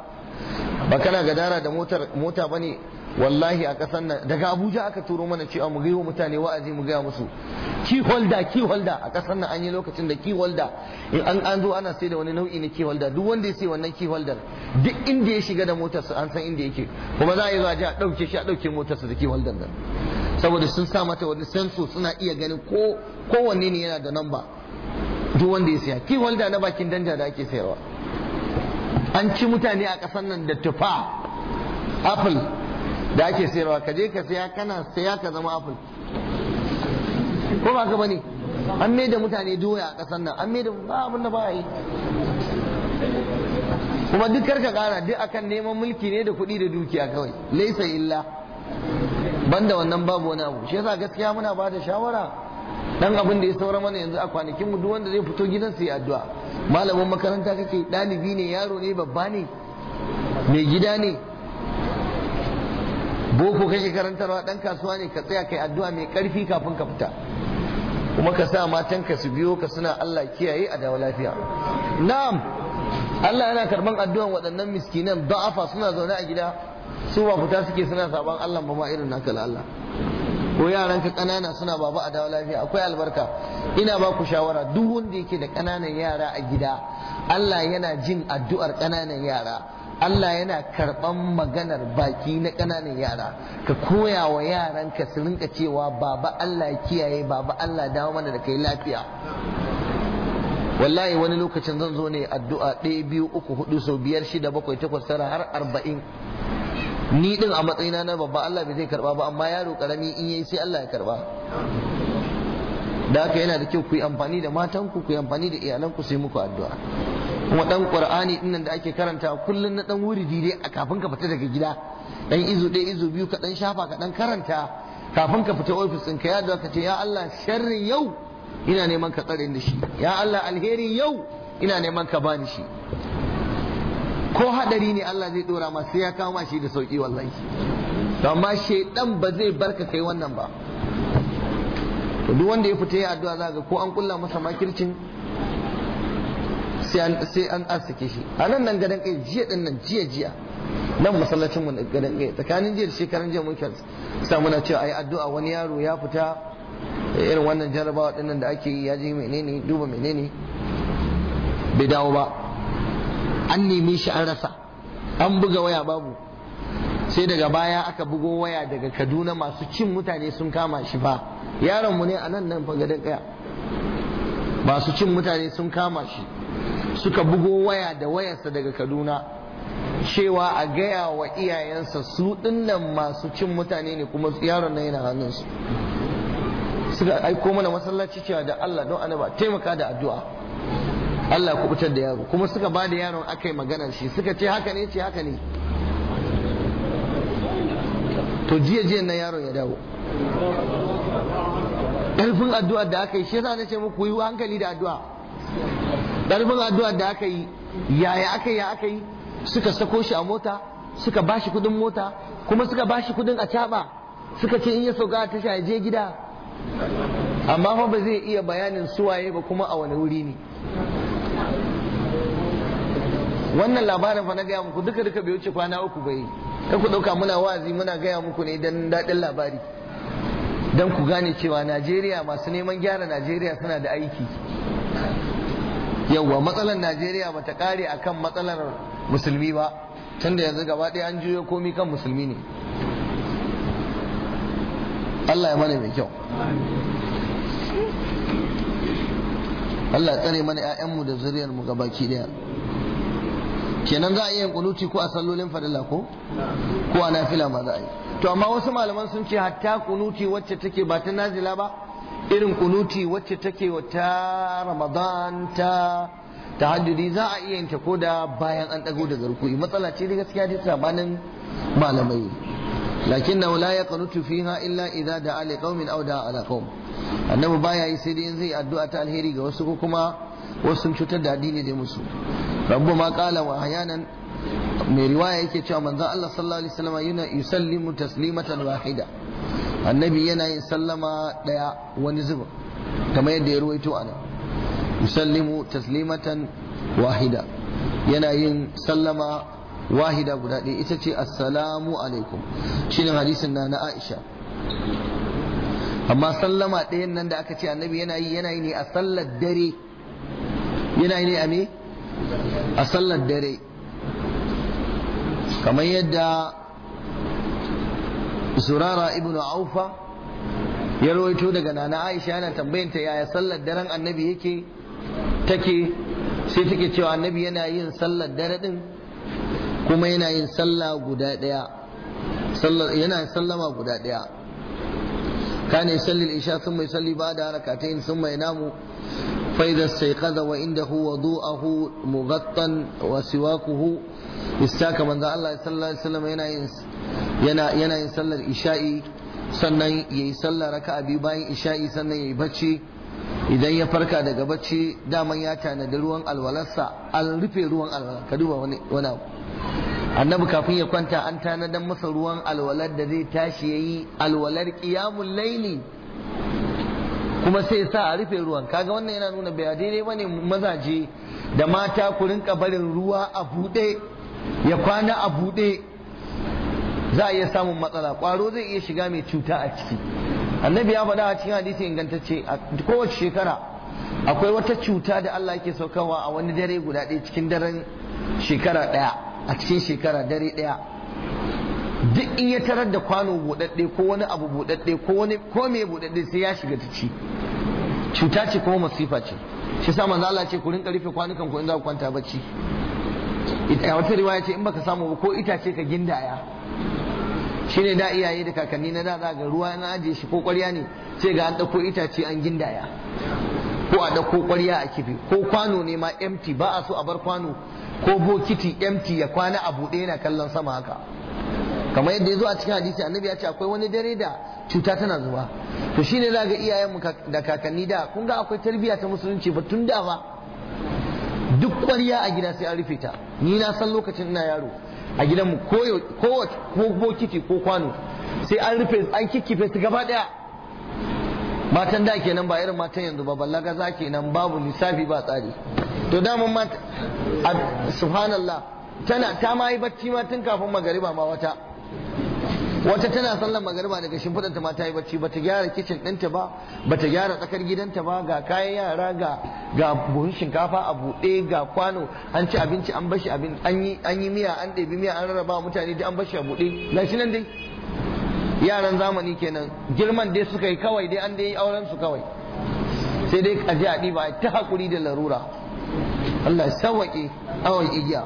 ba kana gadara da motar mota bane wallahi a kasan nan daga Abuja aka turo mana cewa mu gaiwa mutane wa'azi mu gaya musu key holder key holder a kasan nan an yi lokacin da key holder in an an zo ana sai da wani nau'i na key holder duk wanda ya sai wannan key holder duk inda ya shiga da motar sa an san inda yake kuma za a yi zaje a dauke shi a dauke motar sa da key holder nan saboda sun sa mata wani sensor suna iya ganin ko kowanne ne yana da number duk wanda ya siya ki holda na bakin danja da ake sayarwa an ci mutane a ƙasar nan da tufa apple da ake sayarwa ka je ka siya kana siya ka zama apple ko ba ka bane an mai da mutane doya a ƙasar nan an mai da ba abin da ba yi kuma duk karka kara duk akan neman mulki ne da kuɗi da dukiya kawai laisa illa banda wannan babu wani abu shi yasa gaskiya muna ba da shawara dan abin da ya saura mana yanzu a kwanakin mu duk wanda zai fito gidansa ya addu'a malamin makaranta kake ɗalibi ne yaro ne babba ne mai gida ne boko kake karantarwa dan kasuwa ne ka tsaya kai addu'a mai karfi kafin ka fita kuma ka sa matanka su biyo ka suna Allah kiyaye a dawo lafiya na'am Allah yana karban addu'an waɗannan miskinan da'afa suna zaune a gida su ba fita suke suna saban Allah ba ma irin naka Allah ko yaranka ka kanana suna baba a dawo lafiya akwai albarka ina ba ku shawara duk wanda yake da kananan yara a gida Allah yana jin addu'ar kananan yara Allah yana karɓan maganar baki na ƙananan yara ka koya wa yaranka su rinka cewa baba Allah kiyaye baba Allah dawo mana da kai lafiya wallahi wani lokacin zan zo ne addu'a ɗaya biyu uku hudu sau biyar shida bakwai takwas tara har arba'in ni din a matsayina na babba Allah bai zai karba ba amma yaro karami in yayi sai Allah ya karba da haka yana da kyau ku yi amfani da matanku ku yi amfani da iyalanku sai muku addu'a kuma dan qur'ani din nan da ake karanta kullun na dan wuri dai a kafin ka fita daga gida dan izo dai izo biyu ka dan shafa ka dan karanta kafin ka fita ofis din ka yadda ka ce ya Allah sharrin yau ina neman ka tsare da shi ya Allah alherin yau ina neman ka bani shi ko hadari ne Allah zai dora ma sai ya kama shi da sauki wallahi amma shaidan ba zai barka kai wannan ba to duk wanda ya fita ya addu'a za ga ko an kulla masa makircin sai an asake shi a nan nan gadon kai jiya din nan jiya jiya nan masallacin mu gadan kai tsakanin jiya da shekaran jiya muke sa muna cewa ai addu'a wani yaro ya fita irin wannan jarabawa dinnan da ake yi ya ji menene duba menene bai dawo ba an nemi shi an rasa an buga waya babu sai daga baya aka bugo waya daga kaduna masu cin mutane sun kama shi fa yaron mu ne a nan nan fagadin kaya masu cin mutane sun kama shi suka bugo waya da wayarsa daga kaduna cewa a gaya wa iyayensa su dinnan masu cin mutane ne kuma yaron nan yana hannunsu suka aiko mana masallaci cewa da Allah don anaba taimaka da addu'a Allah ya kubutar da yaro kuma suka ba da yaron aka yi maganar shi suka ce haka ne ce haka ne to jiya jiya na yaron ya dawo ƙarfin addu'a da aka yi shi yasa na ce muku yi hankali da addu'a ƙarfin addu'a da aka yi yaya aka ya aka yi suka sako shi a mota suka ba shi kuɗin mota kuma suka ba shi kuɗin a caɓa suka ce in ya sauka a tasha ya je gida amma fa ba zai iya bayanin suwaye ba kuma a wani wuri ne wannan labarin fa na gaya muku duka duka bai wuce kwana uku bai kai ku dauka muna wazi muna gaya muku ne dan dadin labari dan ku gane cewa Najeriya masu neman gyara Najeriya suna da aiki yawwa matsalar Najeriya bata kare akan matsalar musulmi ba tunda yanzu gaba ɗaya an juyo komi kan musulmi ne Allah ya mana mai kyau Allah ya tsare mana 'ya'yanmu da zuriyarmu gabaki daya kenan za a iya yin kunuti ko a sallolin fadila ko ko a nafila ma za a yi to amma wasu malaman sun ce hatta kunuti wacce take ba ta nazila ba irin kunuti wacce take ta ramadan ta tahajjudi za a iya yin ko da bayan an dago daga rukui matsala ce da gaskiya dai sabanin malamai lakinnahu la yaqnutu fiha illa idza da'a liqaumin aw da'a ala qaum annabi baya yi sai dai zai addu'a ta alheri ga wasu ko kuma wasu sun cutar da addini da musu rabbu ma qala wa hayanan mai riwaya yake cewa manzon Allah sallallahu alaihi wasallam yana yusallimu taslimatan wahida annabi yana yin sallama daya wani zuba kamar yadda ya ruwaito ana yusallimu taslimatan wahida yana yin sallama wahida guda ɗaya ita ce assalamu alaikum shine hadisin na na Aisha amma sallama ɗayan nan da aka ce annabi yana yi yana yi ne a sallar dare yana ne a a sallar dare kamar yadda zurara ibn aufa ya rawaito daga nana aisha yana tambayanta yaya sallar daren annabi yake take sai take cewa annabi yana yin sallar dare din kuma yana yin sallama guda daya كان يصلي العشاء ثم يصلي بعد ركعتين ثم ينام فإذا استيقظ وعنده وضوءه مغطى وسواكه استاك من ذا الله صلى الله عليه وسلم ينا ينا يصلي العشاء sannan ya yi sallah raka abi bayan idan ya farka daga bacci daman ya tanadi ruwan alwalarsa an rufe ruwan alwala ka duba wani abu annabi kafin ya kwanta an dan masa ruwan alwalar da zai tashi ya yi alwalar qiyamul laili kuma sai sa a rufe ruwan kaga wannan yana nuna bai daidai bane mazaje da mata ku rinka barin ruwa a buɗe ya kwana a buɗe za a iya samun matsala kwaro zai iya shiga mai cuta a ciki annabi ya faɗa a cikin hadisi ingantacce a kowace shekara akwai wata cuta da Allah yake saukawa a wani dare guda ɗaya cikin daren shekara ɗaya a cikin shekara dare ɗaya duk in ya tarar da kwano buɗaɗɗe ko wani abu buɗaɗɗe ko wani ko me buɗaɗɗe sai ya shiga ta ci cuta ce kuma masifa ce shi sa manzo Allah ce ku rinka rufe kwanukan ku in za ku kwanta bacci a wata riwaya ce in baka samu ba ko itace ka gindaya shine da iyaye da kakanni na da za ga ruwa na ajiye shi ko ƙwarya ne sai ga an ɗauko itace an gindaya ko a ɗauko ƙwarya a kife ko kwano ne ma empty ba a so a bar kwano ko bokiti empty ya kwana a buɗe yana kallon sama haka kamar yadda ya zo a cikin hadisi annabi ya ce akwai wani dare da cuta tana zuwa to shine za ga mu da kakanni da kun ga akwai tarbiyya ta musulunci ba tun da ba duk kwariya a gida sai an rufe ta ni na san lokacin ina yaro a gidanmu ko ko bokiti ko kwano sai an rufe an kikkife su gaba daya matan da kenan ba irin matan yanzu ba ballaga zaki nan babu lissafi ba tsari to daman ma subhanallah tana ta ma yi bacci ma tun kafin magariba ma wata wata tana sallar magariba daga ta ma ta yi bacci ta gyara kicin ɗinta ba Ba ta gyara tsakar gidanta ba ga kayan yara ga ga buhun shinkafa a buɗe ga kwano an ci abinci an bashi abin an yi miya an ɗebi miya an rarraba mutane da an bashi a buɗe gashi nan dai yaran zamani kenan girman dai suka yi kawai dai an dai auren su kawai sai dai a ji a ɗiba ta hakuri da larura Allah ya sawaƙe awon igiya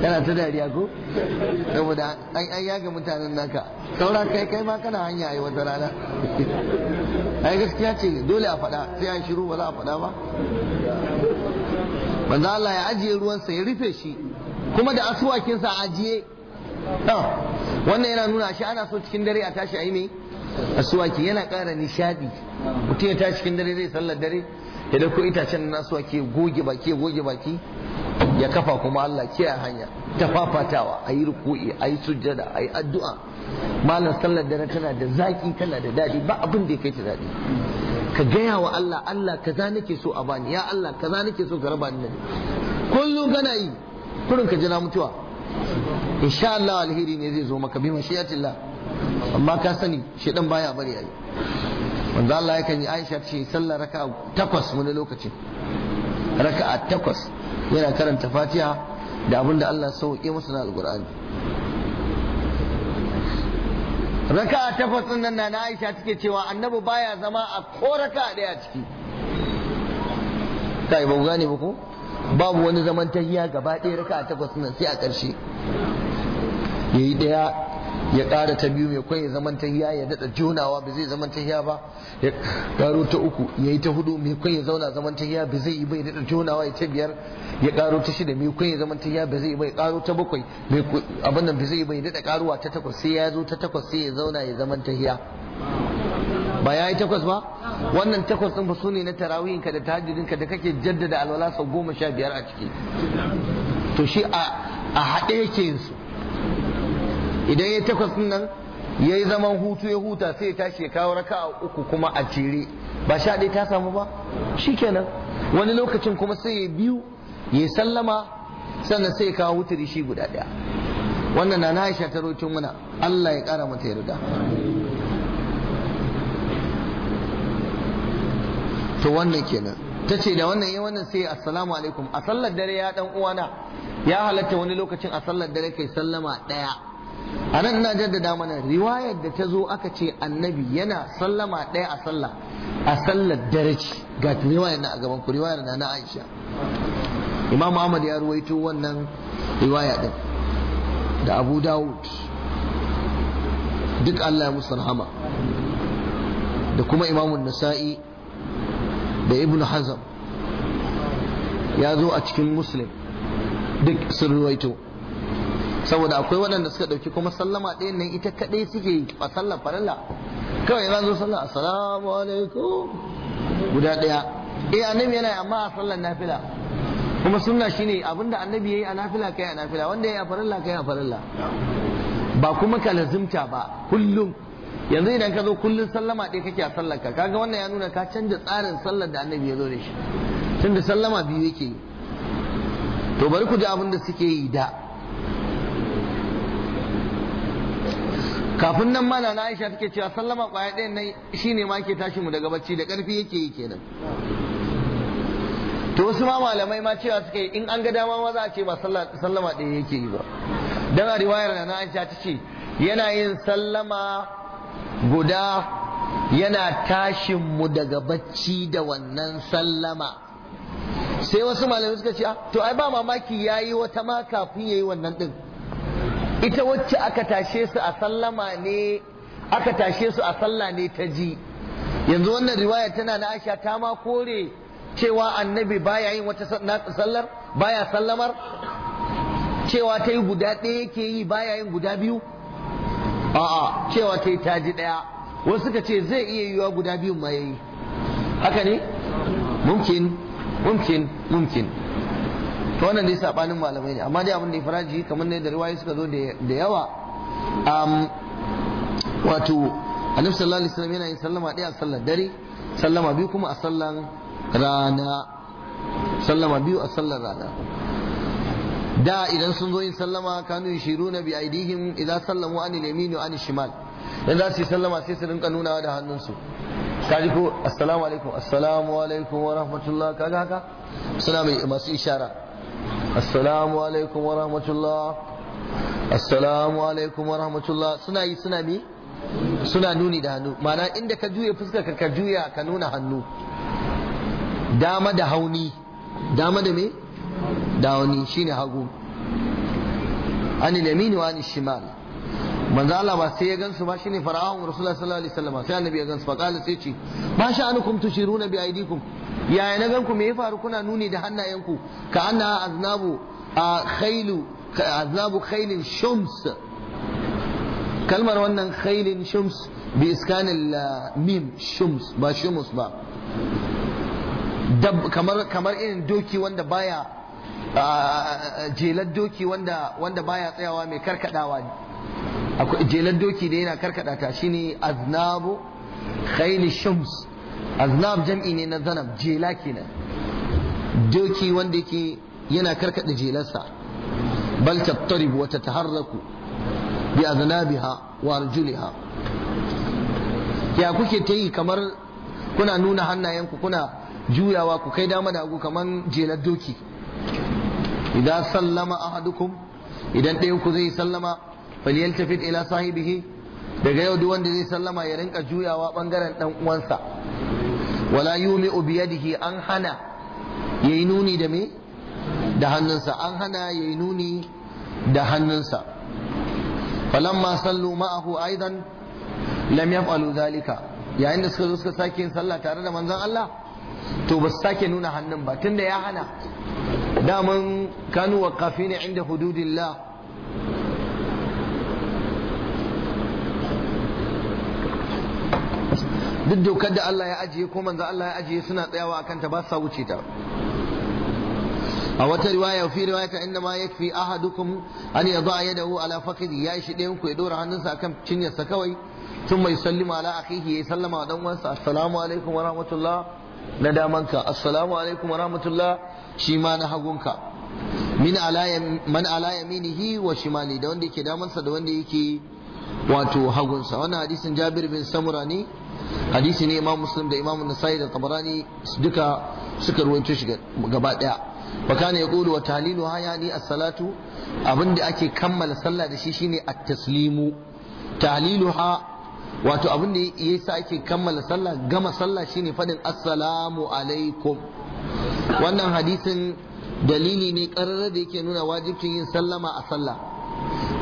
kana ta dariya ko saboda an yaga mutanen naka saura kai kai ma kana hanya ai wata rana ai gaskiya ce dole a faɗa sai an shiru ba za a faɗa ba manzo Allah ya ajiye sa ya rufe shi kuma da asuwakinsa ajiye ah, wannan yana nuna shi ana so cikin dare a tashi a yi asuwaki yana ƙara nishadi mutum ya tashi cikin dare zai sallar dare ya dauko itacen na asuwaki goge baki goge baki ya kafa kuma Allah kiyaye hanya ta fafatawa a yi ruku'i a yi sujjada a yi addu'a malam sallar dare tana da zaki tana da daɗi ba abin da ya kai ta daɗi ka gaya wa Allah Allah kaza nake so a bani ya Allah kaza nake so ka raba ni kullum gana yi kurin ka jira mutuwa insha Allah alheri ne zai zo maka bi mashiyatillah amma ka sani shi dan baya bari yayi manzo Allah yakan yi Aisha ce sallar raka'a takwas wani lokaci raka'a takwas yana karanta Fatiha da abinda Allah sauke masa na Alqur'ani raka'a takwas din nan na Aisha take cewa annabi baya zama a ko raka'a daya ciki kai ba gane ba ko babu wani zaman tahiya gaba ɗaya raka'a takwas nan sai a ƙarshe yayi daya ya ƙara ta biyu mai kwan ya ta tahiya ya daɗa junawa ba zai zaman tahiya ba ya ƙaro ta uku ya yi ta hudu mai kwan ya zauna zaman tahiya ba zai yi ba ya daɗa junawa ya ta biyar ya ƙaro ta shida mai kwan ya ta tahiya ba zai yi ba ya ƙaro ta bakwai abin nan ba zai yi ba ya daɗa ƙaruwa ta takwas sai ya zo ta takwas sai ya zauna ya zaman tahiya ba ya yi takwas ba wannan takwas ɗin ba su ne na ka da tahajjudinka da kake jaddada alwala sau goma sha biyar a ciki to shi a haɗe yake yin su idan ya takwas din nan ya yi zaman hutu ya huta sai ya tashi ya kawo raka uku kuma a jere ba sha ɗaya ta samu ba Shi kenan. wani lokacin kuma sai ya biyu ya yi sallama sannan sai ya kawo huturi shi guda ɗaya wannan na Aisha ta rokin muna Allah ya ƙara mata yarda to wannan kenan ta ce da wannan yi wannan sai assalamu alaikum a sallar dare ya ɗan uwana ya halatta wani lokacin a sallar dare kai sallama ɗaya a nan na jaddada mana riwayar da ta zo aka ce annabi yana sallama ɗaya a sallah a sallar daraci. ga riwayar na a gaban ku riwayar na na Aisha Imam Ahmad ya ruwaito wannan riwaya din da Abu Dawud duk Allah ya musu rahama da kuma Imam Nasa'i da Ibn Hazm ya zo a cikin Muslim duk sun ruwaito saboda akwai waɗanda suka ɗauki kuma sallama ɗayan nan ita kaɗai suke yi a sallar farilla kawai yana zo sallar assalamu alaikum guda ɗaya eh annabi yana amma a sallar nafila kuma sunna shine abinda annabi yayi a nafila kai a nafila wanda yayi a farilla kai a farilla ba kuma ka lazimta ba kullum yanzu idan ka zo kullum sallama ɗaya kake a sallar ka kaga wannan ya nuna ka canja tsarin sallar da annabi ya zo da shi tunda sallama biyu yake to bari ku ji abinda da suke yi da kafin nan mana na aisha take cewa sallama kwaya na shi ne ma ke tashi mu daga bacci da ƙarfi yake yi kenan to wasu ma malamai ma cewa suka yi in an ga dama ma za a ce ba sallama ɗaya yake yi ba don a riwayar na aisha ta ce yana yin sallama guda yana tashin mu daga bacci da wannan sallama sai wasu malamai suka ce ah, to ai ba mamaki yayi wata ma kafin yayi wannan din ita wacce aka tashe su a sallama ne aka tashe su a salla ne ta ji yanzu wannan riwaya tana na Aisha ta ma kore cewa annabi baya yin wata sallar baya sallamar cewa ta yi guda ɗaya yake yi baya yin guda biyu a'a cewa ta yi taji ɗaya wasu suka ce zai iya yiwa guda biyun ma yayi haka ne mumkin mumkin mumkin to wannan dai sabanin malamai ne amma dai abin da ifraji kamar ne da riwayoyi suka zo da yawa wato annabi sallallahu alaihi wasallam yana yin sallama ɗaya a sallar dare sallama biyu kuma a sallar rana sallama biyu a sallar rana da idan sun zo yin sallama kanu yashiruna bi aidihim idza sallamu anil yamin wa anil shimal idan za su yi sallama sai su rinka nunawa da hannunsu kaji ko assalamu alaikum assalamu alaikum wa rahmatullah kaga haka suna mai masu ishara assalamu alaikum wa rahmatullah assalamu alaikum wa rahmatullah suna yi suna mi suna nuni da hannu mana inda ka juya fuska ka juya ka nuna hannu dama da hauni dama da me da hauni shine hagu ani lamini wa Ani shimal manzo Allah ba sai ya gansu ba shine fara'un rasulullah sallallahu alaihi wasallam sai annabi ya gansu fa kala sai ce ba anukum tushiruna bi aidikum yaya na ganku me ya faru kuna nuni da hannayenku ka anna aznabu a khailu aznabu khailin shums kalmar wannan khailin shums bi iskanil mim shums ba shumus ba kamar kamar irin doki wanda baya jelar doki wanda wanda baya tsayawa mai karkadawa ne akwai jelan doki da yana karkada ta ne aznabu khaili shams aznab jam'i ne na zanab jela kenan doki wanda yake yana karkada jelarsa bal tattarib wa tataharraku bi aznabiha wa arjuliha ya kuke ta yi kamar kuna nuna hannayenku kuna juyawa ku kai dama da hagu kamar jelar doki idan sallama ahadukum idan ɗayan ku zai sallama falyaltafit ila sahibihi daga yau duk wanda zai sallama ya rinka juyawa bangaren dan uwansa wala yumi biyadihi an hana yayi nuni da me da hannunsa an hana yayi nuni da hannunsa falamma sallu ma'ahu aidan lam yaf'alu zalika yayin da suka zo suka sake yin sallah tare da manzon Allah to ba su sake nuna hannun ba tunda ya hana daman kanu waqafina inda hududillah duk dokar da Allah ya ajiye ko manzo Allah ya ajiye suna tsayawa akan ta ba sa wuce ta a wata riwaya fi riwayata inda ma yakfi ahadukum an yada yadahu ala faqidi ya shi dayan ku ya dora hannunsa akan cinyarsa kawai tun mai sallima ala akhihi ya sallama dan wansa assalamu alaikum wa rahmatullah na damanka assalamu alaikum wa rahmatullah shi ma na hagunka min man ala yaminihi wa shimali da wanda yake damansa da wanda yake wato hagunsa wannan hadisin Jabir bin Samura ne hadisi ne imam muslim da imam nasai da tabarani duka suka ruwanci shi gaba daya fa kana yaqulu wa haya ni a salatu abinda ake kammala sallah da shi shine at-taslimu tahliluha wato abinda yasa ake kammala sallah gama sallah shine fadin assalamu alaikum wannan hadisin dalili ne kararra da yake nuna wajibcin yin sallama a sallah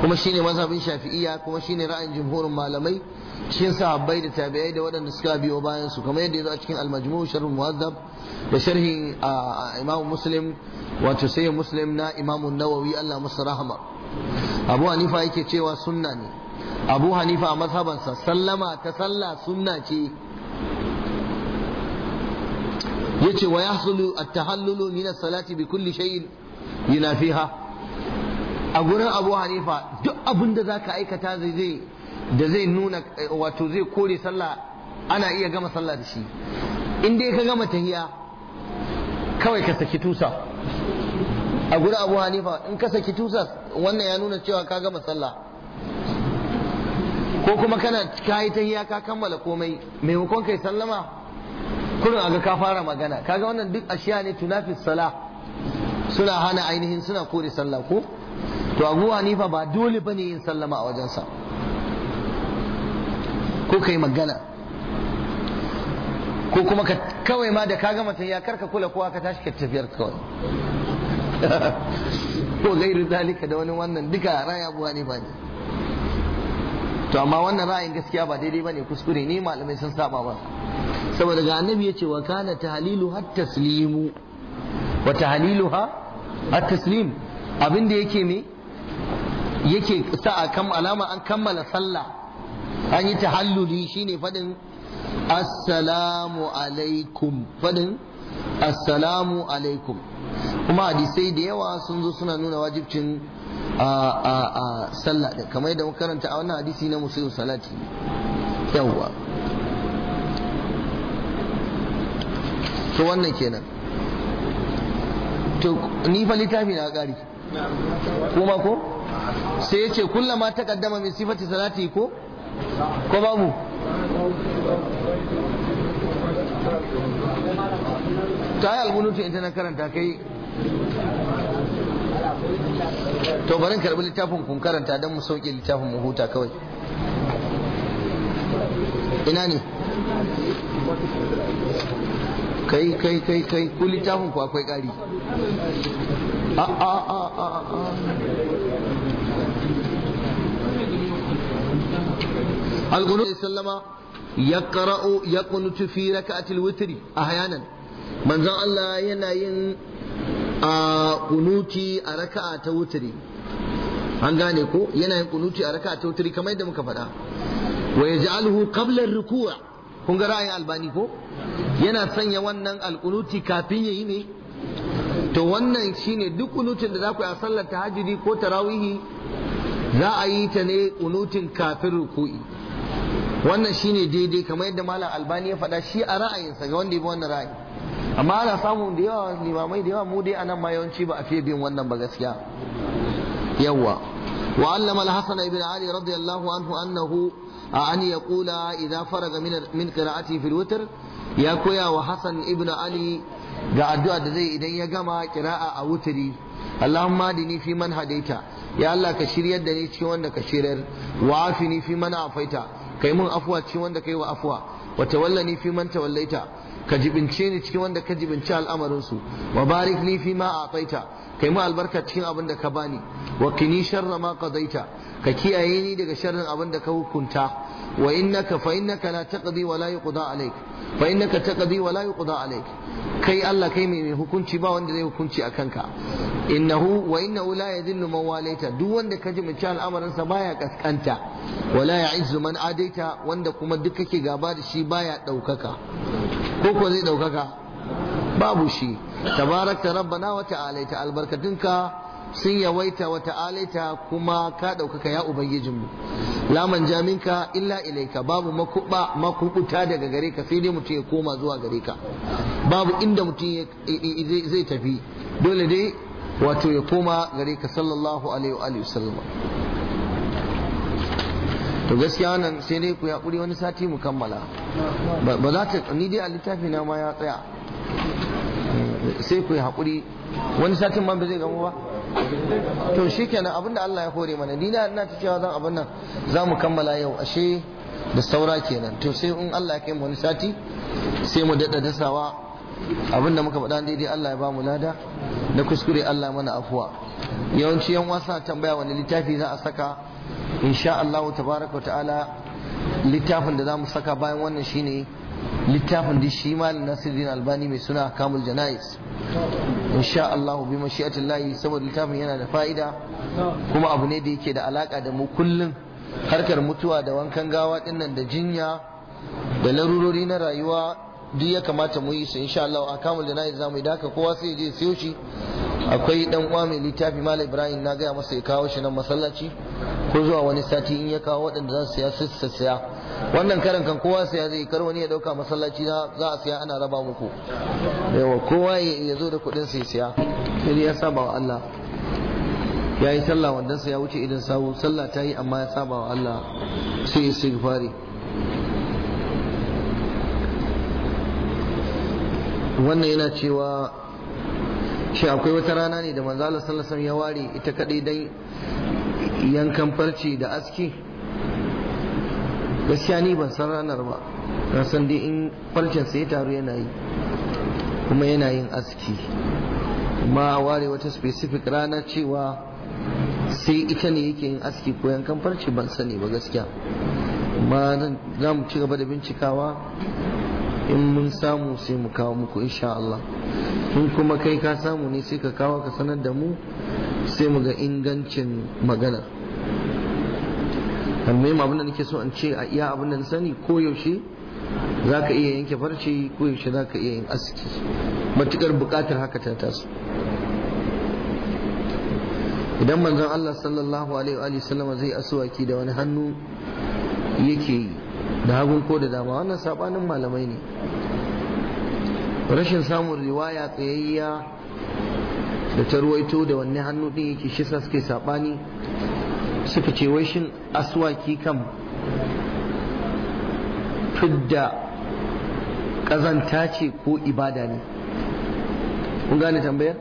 kuma shine mazhabin shafi'iyya kuma shine ra'ayin jumhurin malamai cikin sahabbai da tabi'ai da waɗanda suka biyo bayan su kamar yadda ya zo a cikin al-majmu sharh muwaddab da sharhi Imam muslim wato sai muslim na imamu nawawi Allah masa rahama abu hanifa yake cewa sunna ne abu hanifa a sa sallama ta sallah sunna ce yace wa yahsulu at-tahallulu min as-salati bi kulli shay'in yunafiha a gurin abu hanifa duk abinda zaka aikata zai da zai nuna wato zai kore sallah ana iya gama sallah da shi in dai ka gama tahiya kawai ka saki tusa a guri abu hanifa in ka saki tusa wannan ya nuna cewa ka gama sallah ko kuma kana kayi tahiya ka kammala komai maimakon kai sallama kurin aga ka fara magana kaga wannan duk ashiya ne tunafis sala suna hana ainihin suna kore sallah ko to abu hanifa ba dole bane yin sallama a wajensa sa ko ka yi magana ko kuma ka kawai ma da ka mutum ya karka kula kowa ka tashi ka tafiyar kawai ko gairu dalika da wani wannan duka raya buwa ne ba ne to amma wannan ra'ayin gaskiya ba daidai ba ne kuskure ne malamai sun saba ba saboda ga annabi ya ce wa kana tahlilu hat taslimu wa tahliluha hat taslim abin da yake me yake sa a kam alama an kammala sallah an yi tahalluli shine faɗin assalamu alaikum faɗin assalamu alaikum kuma hadisai da yawa sun zo suna nuna wajibcin a sallah da kamar yadda karanta a wannan hadisi na musulun salati yawwa to wannan kenan to ni fa littafi na ƙari kuma ko sai ya ce kullama ta kaddama min sifati salati ko ko babu ta yi alkunutu ita tana karanta kai to barin karbi littafin kun karanta don mu sauke littafin mu huta kawai ina ne kai kai kai kai ku littafin ku akwai ƙari a a a a sallama ya ya القنوت سلم يقرأ يقنت في ركعة Allah yana yin ذا a raka a ta وتري an gane ko yana yin kunuti a raka ta wuturi kamar yadda muka faɗa wa ya ja'alhu qabla ruku'a kun ga ra'ayin albani ko yana sanya wannan alkunuti kafin yayi ne to wannan shine duk kunutin da za ku yi a sallar tahajjudi ko tarawihi za a yi ta ne kunutin kafin ruku'i wannan shine daidai kamar yadda malam albani ya faɗa shi a ra'ayinsa ga wanda ya bi wannan ra'ayi amma ana samun da yawa limamai da yawa mu dai anan ma yawanci ba a fiye bin wannan ba gaskiya yawa wa allama al ibn ali radiyallahu anhu annahu an yaqula idza faraga min min qira'ati fil witr ya koya wa hasan ibn ali ga addu'a da zai idan ya gama qira'a a wutri allahumma dini fi man hadaita ya allah ka shiryar da ni cikin wanda ka shiryar wa afini fi man afaita kai mun afuwa cikin wanda kai wa afuwa wa tawallani fi man tawallaita ka jibince ni cikin wanda ka jibince al'amarinsu wa barik ni fi ma kai mu albarka cikin abin da ka bani wa kini sharra ma qadaita ka kiyaye ni daga sharrin abin da ka hukunta wa innaka fa innaka la taqdi wa la yuqda alayk fa innaka taqdi wa la yuqda alayk kai Allah kai mai hukunci ba wanda zai hukunci a kanka innahu wa innahu la yadhillu man walaita duk wanda ka jibince al'amarin sa baya kaskanta wa la ya'izzu man adaita wanda kuma duk kake gaba da shi baya daukaka ko ko zai ɗaukaka babu shi tabaraka rabbana wa ta'alaita ka sun yawaita wa ta'alaita kuma ka ɗaukaka ya ubangijinmu la manja jaminka illa ilaika babu makuba makubuta daga gare ka sai dai mutum ya koma zuwa gare ka babu inda mutum zai tafi dole dai wato ya koma gare ka sallallahu alaihi wa sallam to gaskiya wannan sai dai ku yaƙuri wani sati mu kammala ba za ta ni dai a littafi na ma ya tsaya sai ku haƙuri wani satin ma ba zai gamu ba to shi kenan abinda Allah ya hore mana ni na ta cewa zan abin nan za mu kammala yau ashe da saura kenan to sai in Allah ya kai mu wani sati sai mu daɗa dasawa abinda muka faɗa daidai Allah ya ba mu lada na kuskure Allah mana afuwa yawanci yan wasa tambaya wani littafi za a saka insha Allah tabaraka ta'ala littafin da zamu saka bayan wannan shine littafin da shi malam Nasiruddin Albani mai suna Kamul Janais insha Allah bi mashi'atillahi saboda littafin yana da fa'ida kuma abu ne da yake da alaka da mu kullum harkar mutuwa da wankan gawa dinnan da jinya da larurori na rayuwa duk ya kamata mu yi su insha Allah a kamul jana'iz zamu da haka kowa sai je siyo shi akwai dan uwa mai littafi mal Ibrahim na gaya masa ya kawo shi nan masallaci ko zuwa wani sati in ya kawo waɗanda za su siya su siya wannan karan kan kowa siya zai kar wani ya dauka masallaci za a siya ana raba muku yawa kowa ya zo da kuɗin sai siya sai ya saba wa Allah ya yi sallah wandansa ya wuce idan sawu sallah ta yi amma ya saba wa Allah sai ya sigfari wannan yana cewa shi akwai wata rana ne da manzala sallasan ya ware ita kadai dai yankan farci da aski gaskiya ni ban san ranar ba na san dai in farcin sai taru yana yi kuma yana yin aski ma ware wata specific rana cewa sai ita ne yake yin aski ko yankan farci ban sani ba gaskiya ma za mu ci gaba da bincikawa in mun samu sai mu kawo muku insha Allah in kuma kai ka samu ne sai ka kawo ka sanar da mu sai mu ga ingancin magana amma abin da nake so an ce a iya abin da sani ko yaushe za ka iya yanke farce ko yaushe za ka iya yin aski matukar bukatar haka ta taso idan manzon Allah sallallahu alaihi wa sallama zai asuwaki da wani hannu yake yi da hagun ko da dama wannan sabanin malamai ne rashin samun riwaya tsayayya da ta ruwaito da wanne hannu ɗin yake shi sa suke sabani suka ce wai shin aswaki kam fidda ƙazanta ce ko ibada ne kun gane tambayar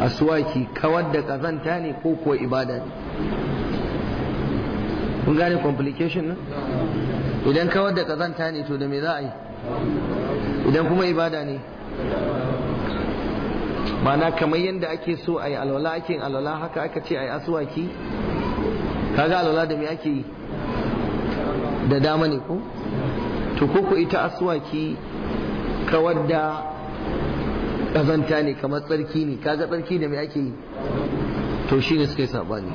aswaki kawar da ƙazanta ne ko kuwa ibada ne kun gane complication nan idan kawar da kazanta ne to da me za a yi idan kuma ibada ne mana kamar yadda ake so a yi alwala ake yin alwala haka aka ce a yi asuwaki kaga alwala da me ake yi da dama ne ko to koko ita asuwaki kawar da kazanta ne kamar tsarki ne kaga tsarki da me ake yi to shi ne suka yi sabani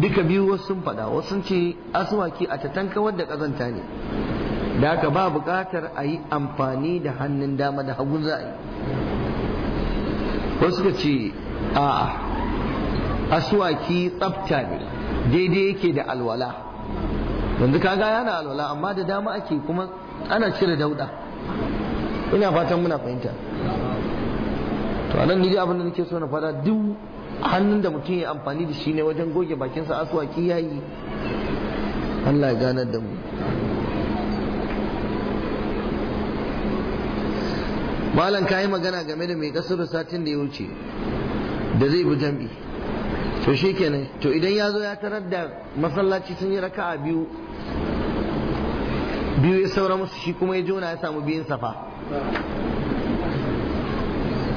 duka biyu wasu sun faɗa wasu sun ce aswaki a tatankawar da ƙazanta ne da haka ba buƙatar a yi amfani da hannun dama da hagu za a yi wasu suka ce a aswaki tsafta ne daidai yake da alwala yanzu kaga yana alwala amma da dama ake kuma ana cire dauda ina fatan muna fahimta to anan ni abin da nake so na fada duk hannun da mutum ya amfani da shi ne wajen goge bakinsa asuwaki ya yi Allah ya ganar da mu malam ka yi magana game da mai kasar satin da ya wuce da zai bi jam'i to shi to idan ya zo ya tarar da masallaci sun yi raka'a biyu biyu ya saura musu shi kuma ya jona ya samu biyun safa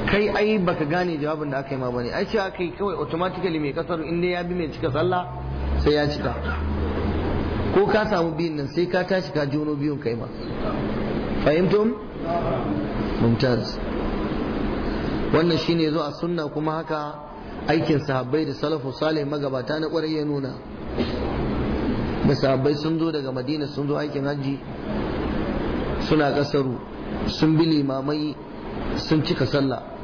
kai ai baka gane jawabin da aka yi ma bane ai ce aka yi kawai automatically mai kasar inda ya bi mai cika sallah sai ya cika ko ka samu biyun nan sai ka tashi ka jono biyun kai ma fahimtum mumtaz wannan shine zo a sunna kuma haka aikin sahabbai da salafu salih magabata na kwarai ya nuna da sahabbai sun zo daga madina sun zo aikin hajji suna kasaru sun bi limamai sun cika sallah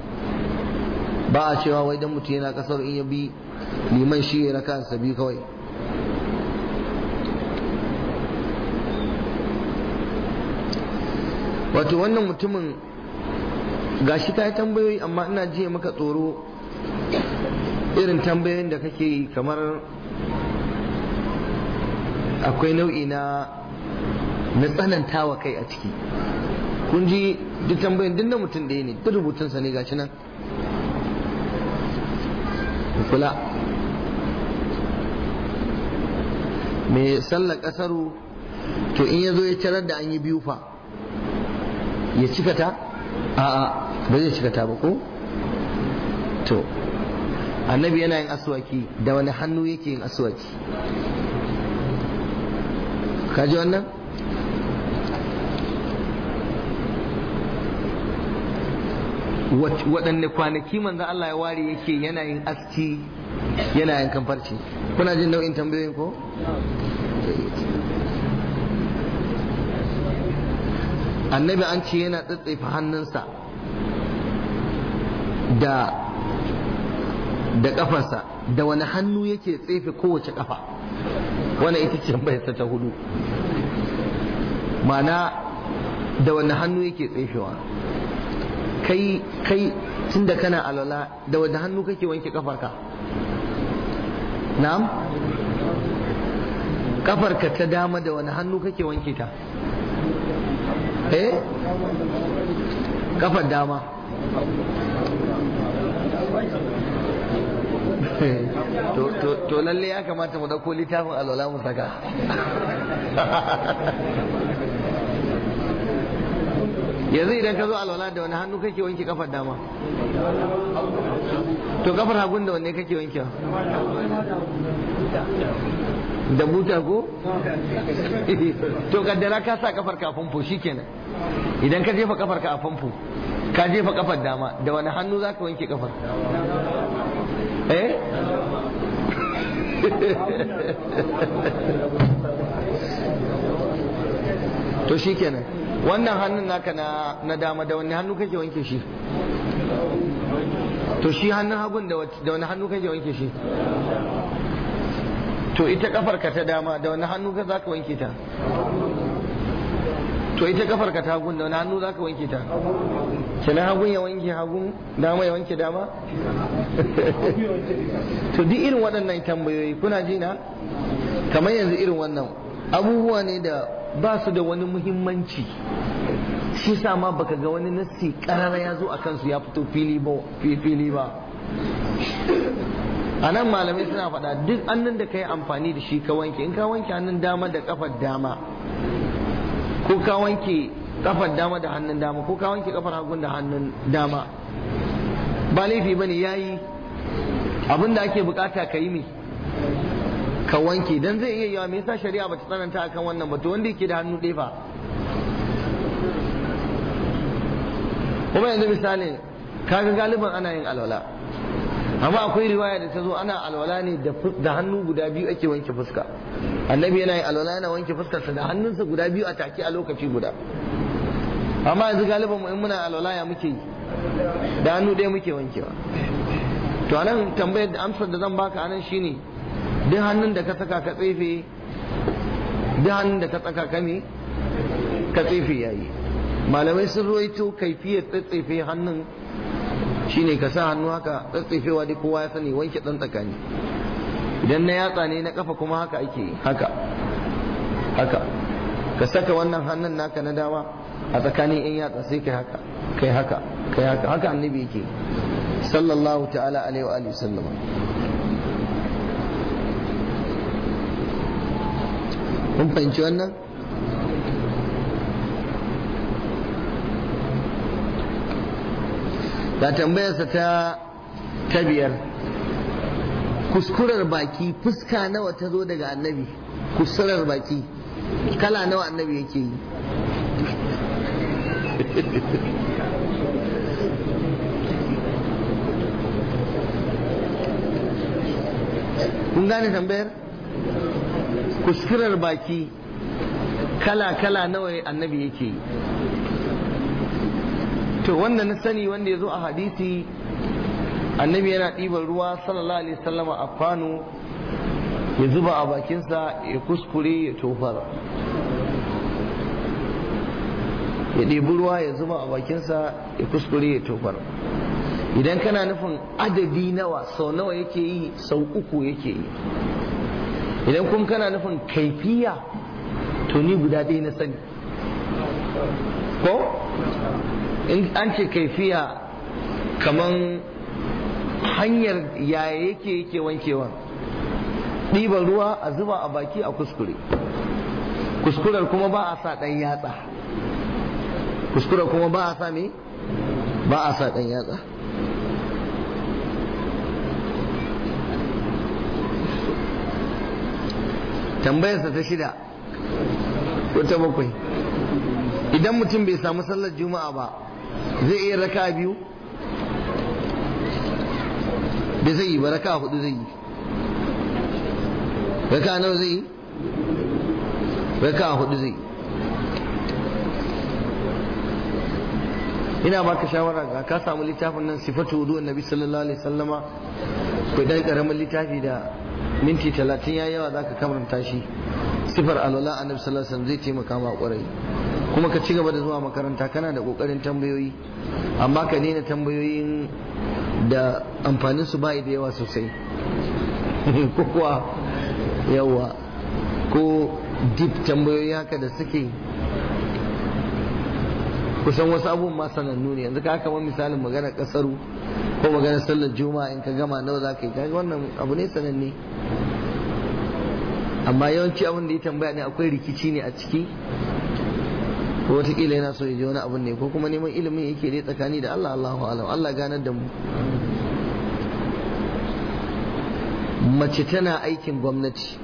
ba a cewa wai dan mutum yana kasar in ya bi liman shi ya raka bi kawai wato wannan mutumin gashi ta yi tambayoyi amma ina jiya maka tsoro irin tambayoyin da kake yi kamar akwai nau'i na na tsanantawa kai a ciki kun ji duk tambayin duk na mutum ɗaya ne duk rubutunsa ne gashi nan kula mai sallar kasaru to in ya ya tarar da an yi biyu fa ya cika ta a'a ba zai cika ta ba ko to annabi yana yin aswaki da wani hannu yake yin aswaki kaji wannan waɗanne kwanaki manzan Allah ya ware yake yanayin aski yanayin kamfarci kuna jin nau'in tambayoyin ko annabi an ce yana tsatsaifa hannunsa da da kafarsa da wani hannu yake tsefe kowace kafa wani ita ce bayarsa ta hudu mana da wani hannu yake tsefewa kai kai tunda kana alala da wadda hannu kake wanke kafarka na'am kafarka ta dama da wani hannu kake wanke ta eh kafar dama to lalle ya kamata mu dauko littafin alwala mu saka yanzu idan ka zo alwala da wani hannu kake wanke kafar dama to kafar hagun da wanne kake wanke da buta ko to kaddara ka sa kafar ka famfo shikenan idan ka jefa kafar ka a famfo ka jefa kafar dama da wani hannu za ka wanke kafar eh to shikenan wannan hannun naka na na dama da wani hannu kake wanke shi to shi hannun hagun da wani hannu kake wanke shi to ita kafar ka ta dama da wani hannu ka zaka wanke ta to ita kafar ka ta hagun da wani hannu zaka wanke ta kenan hagun ya wanke hagun dama ya wanke dama to duk irin waɗannan tambayoyi kuna jina kamar yanzu irin wannan abubuwa ne da ba su da wani muhimmanci shi sa ma baka ga wani nassi karara ya zo a kansu ya fito fili ba a nan malamai suna faɗa duk annan da ka yi amfani da shi ka wanke in ka wanke hannun dama da kafar dama ko ka wanke kafar dama da hannun dama ko ka wanke kafar hagun da hannun dama ba laifi ba ya yi abin da ake bukata ka yi mai ka wanke dan zai iya yawa me yasa shari'a bata tsananta akan wannan ba to wanda yake da hannu ɗaya ba. kuma yanzu misali kaga galibin ana yin alwala amma akwai riwaya da ta zo ana alwala ne da hannu guda biyu ake wanke fuska annabi yana yin alwala yana wanke fuskarsa da hannunsa guda biyu a take a lokaci guda amma yanzu galibin mu in muna alwala ya muke da hannu ɗaya muke wankewa to anan tambayar da amsar da zan baka anan shine duk hannun da ka saka ka tsefe duk hannun da ka saka ka me ka tsefe yayi malamai sun ruwaito kaifiyar tsefe hannun shine ka sa hannu haka tsatsefewa dai kowa ya sani wanke dan tsakani idan na yatsa ne na kafa kuma haka ake haka haka ka saka wannan hannun naka na dama a tsakanin yan yatsa sai kai haka kai haka kai haka haka annabi yake sallallahu ta'ala alaihi wa alihi sallama kun fahimci wannan ba tambayarsa ta tabiyar kuskurar baki fuska nawa ta zo daga annabi kuskurar baki kala nawa annabi yake yi kun gane tambayar kuskurar baki kala-kala nawa annabi yake yi to wanda na sani wanda ya zo a hadisi annabi yana ɗiban ruwa sallallahu alaihi sallama a kwano ya zuba a bakinsa ya kuskure ya tofar ya ɗebi ruwa ya zuba a bakinsa ya kuskure ya tofar idan kana nufin adadi nawa sau nawa yake yi sau uku yake yi idan kuma kana nufin kaifiya to ni guda ɗaya na sani ko in an ce kaifiya kamar hanyar yaya yake yake wankewa ɗiban ruwa a zuba a baki a kuskure kuskurar kuma ba a sa ɗan yatsa kuskurar kuma ba a sa ba a sa ɗan yatsa tambayarsa ta shida ko ta bakwai idan mutum bai samu sallar juma'a ba zai iya raka biyu bai zai yi ba raka hudu zai yi raka nawa zai yi raka hudu zai yi ina baka shawara ga ka samu littafin nan sifatu wudu annabi sallallahu alaihi wasallama ko dai karamin littafi da minti talatin ya yawa zaka kamanta shi sifar alwala annabi sallallahu alaihi wasallam zai taimaka ma kwarai kuma ka ci gaba da zuwa makaranta kana da kokarin tambayoyi amma ka nina tambayoyin da amfanin su bai da yawa sosai ko kuwa yawa ko dip tambayoyi haka da suke kusan wasu abubuwan ma sanannu ne yanzu ka kamar misalin magana kasaru ko magana sallar juma'a in ka gama nawa za ka yi kaga wannan abu ne sananne amma yawanci abin da ya tambaya ne akwai rikici ne a ciki ko wataƙila yana so ya je wani abin ne ko kuma neman ilimin yake dai tsakani da Allah Allahu alam Allah ganar da mu mace tana aikin gwamnati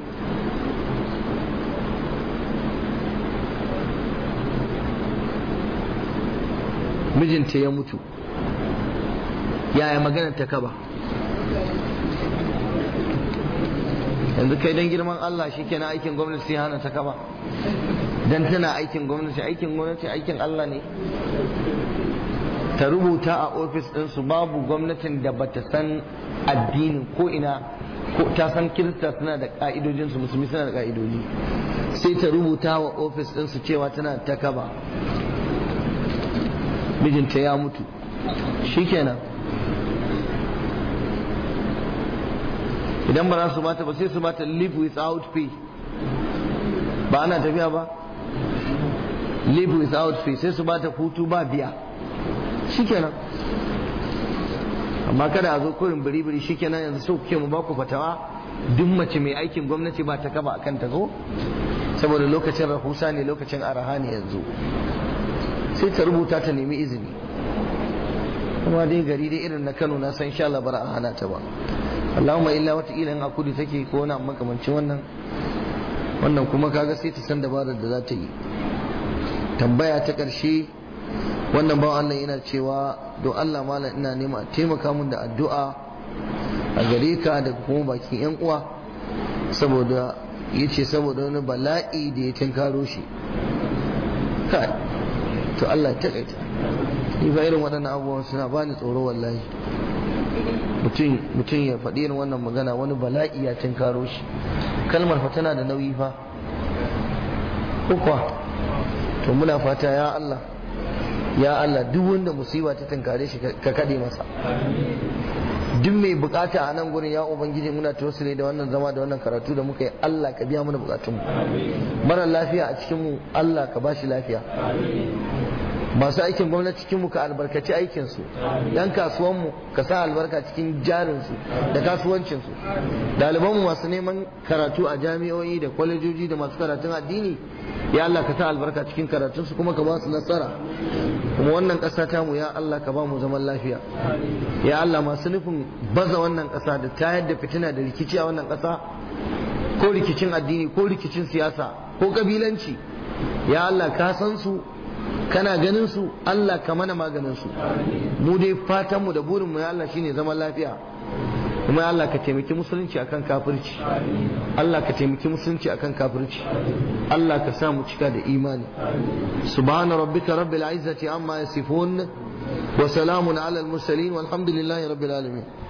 mijinta ya mutu yaya maganar ta kaba yanzu kai don girman Allah shi kenan aikin gwamnati sai hana ta kaba don tana aikin gwamnati aikin gwamnati aikin Allah ne ta rubuta a ofis ɗinsu babu gwamnatin da bata san addinin ko ina ko ta san kirista suna da ƙa'idojinsu musulmi suna da ƙa'idoji sai ta rubuta wa ofis ɗinsu cewa tana ta kaba mijinta ya mutu shikenan idan ba za su mata ba sai su mata live without pay ba ana tafiya ba live without pay sai su mata hutu ba biya shikenan amma kada a zo kurin biri-biri shikenan yanzu so kuke mu baku fatawa duk mace mai aikin gwamnati ba ta kaba a kanta zo saboda lokacin rahusa ne lokacin araha ne yanzu sai ta rubuta ta nemi izini kuma dai gari dai irin na Kano na san sha labara a hana ta ba Allahumma illa wata ilan a kudu take ko na makamancin wannan wannan kuma kaga sai ta san dabarar da za ta yi tambaya ta karshe wannan bawan Allah yana cewa don Allah malam ina nema taimaka min da addu'a a gare ka da kuma bakin yan uwa saboda yace saboda wani bala'i da ya tinkaro shi to Allah ya takaita ni fa irin waɗannan abubuwan suna bani tsoro wallahi mutum mutum ya faɗi irin wannan magana wani bala'i ya karo shi kalmar fa tana da nauyi fa kuwa to muna fata ya Allah ya Allah duk wanda musiba ta tunkare shi ka kade masa duk mai bukata a nan gurin ya ubangiji muna tausire da wannan zama da wannan karatu da muka yi Allah ka biya mana bukatunmu mara lafiya a cikinmu Allah ka bashi lafiya masu aikin gwamnati cikin mu ka albarkaci aikinsu. su dan ka sa albarka cikin jarinsu da kasuwancinsu. su masu neman karatu a jami'o'i da kwalejoji da masu karatun addini ya Allah ka sa albarka cikin karatunsu kuma ka ba su nasara kuma wannan ƙasa ta mu ya Allah ka ba mu zaman lafiya ya Allah masu nufin baza wannan kasa da tayar da fitina da rikici a wannan kasa. ko rikicin addini ko rikicin siyasa ko kabilanci ya Allah ka san su kana ganin su Allah ka mana maganin su mu dai fatan mu da burin mu ya Allah shine zaman lafiya kuma ya Allah ka taimaki musulunci akan kafirci Allah ka taimaki musulunci akan kafirci Allah ka sa mu cika da imani subhana rabbika rabbil izzati amma yasifun wa salamun ala al mursalin walhamdulillahi rabbil alamin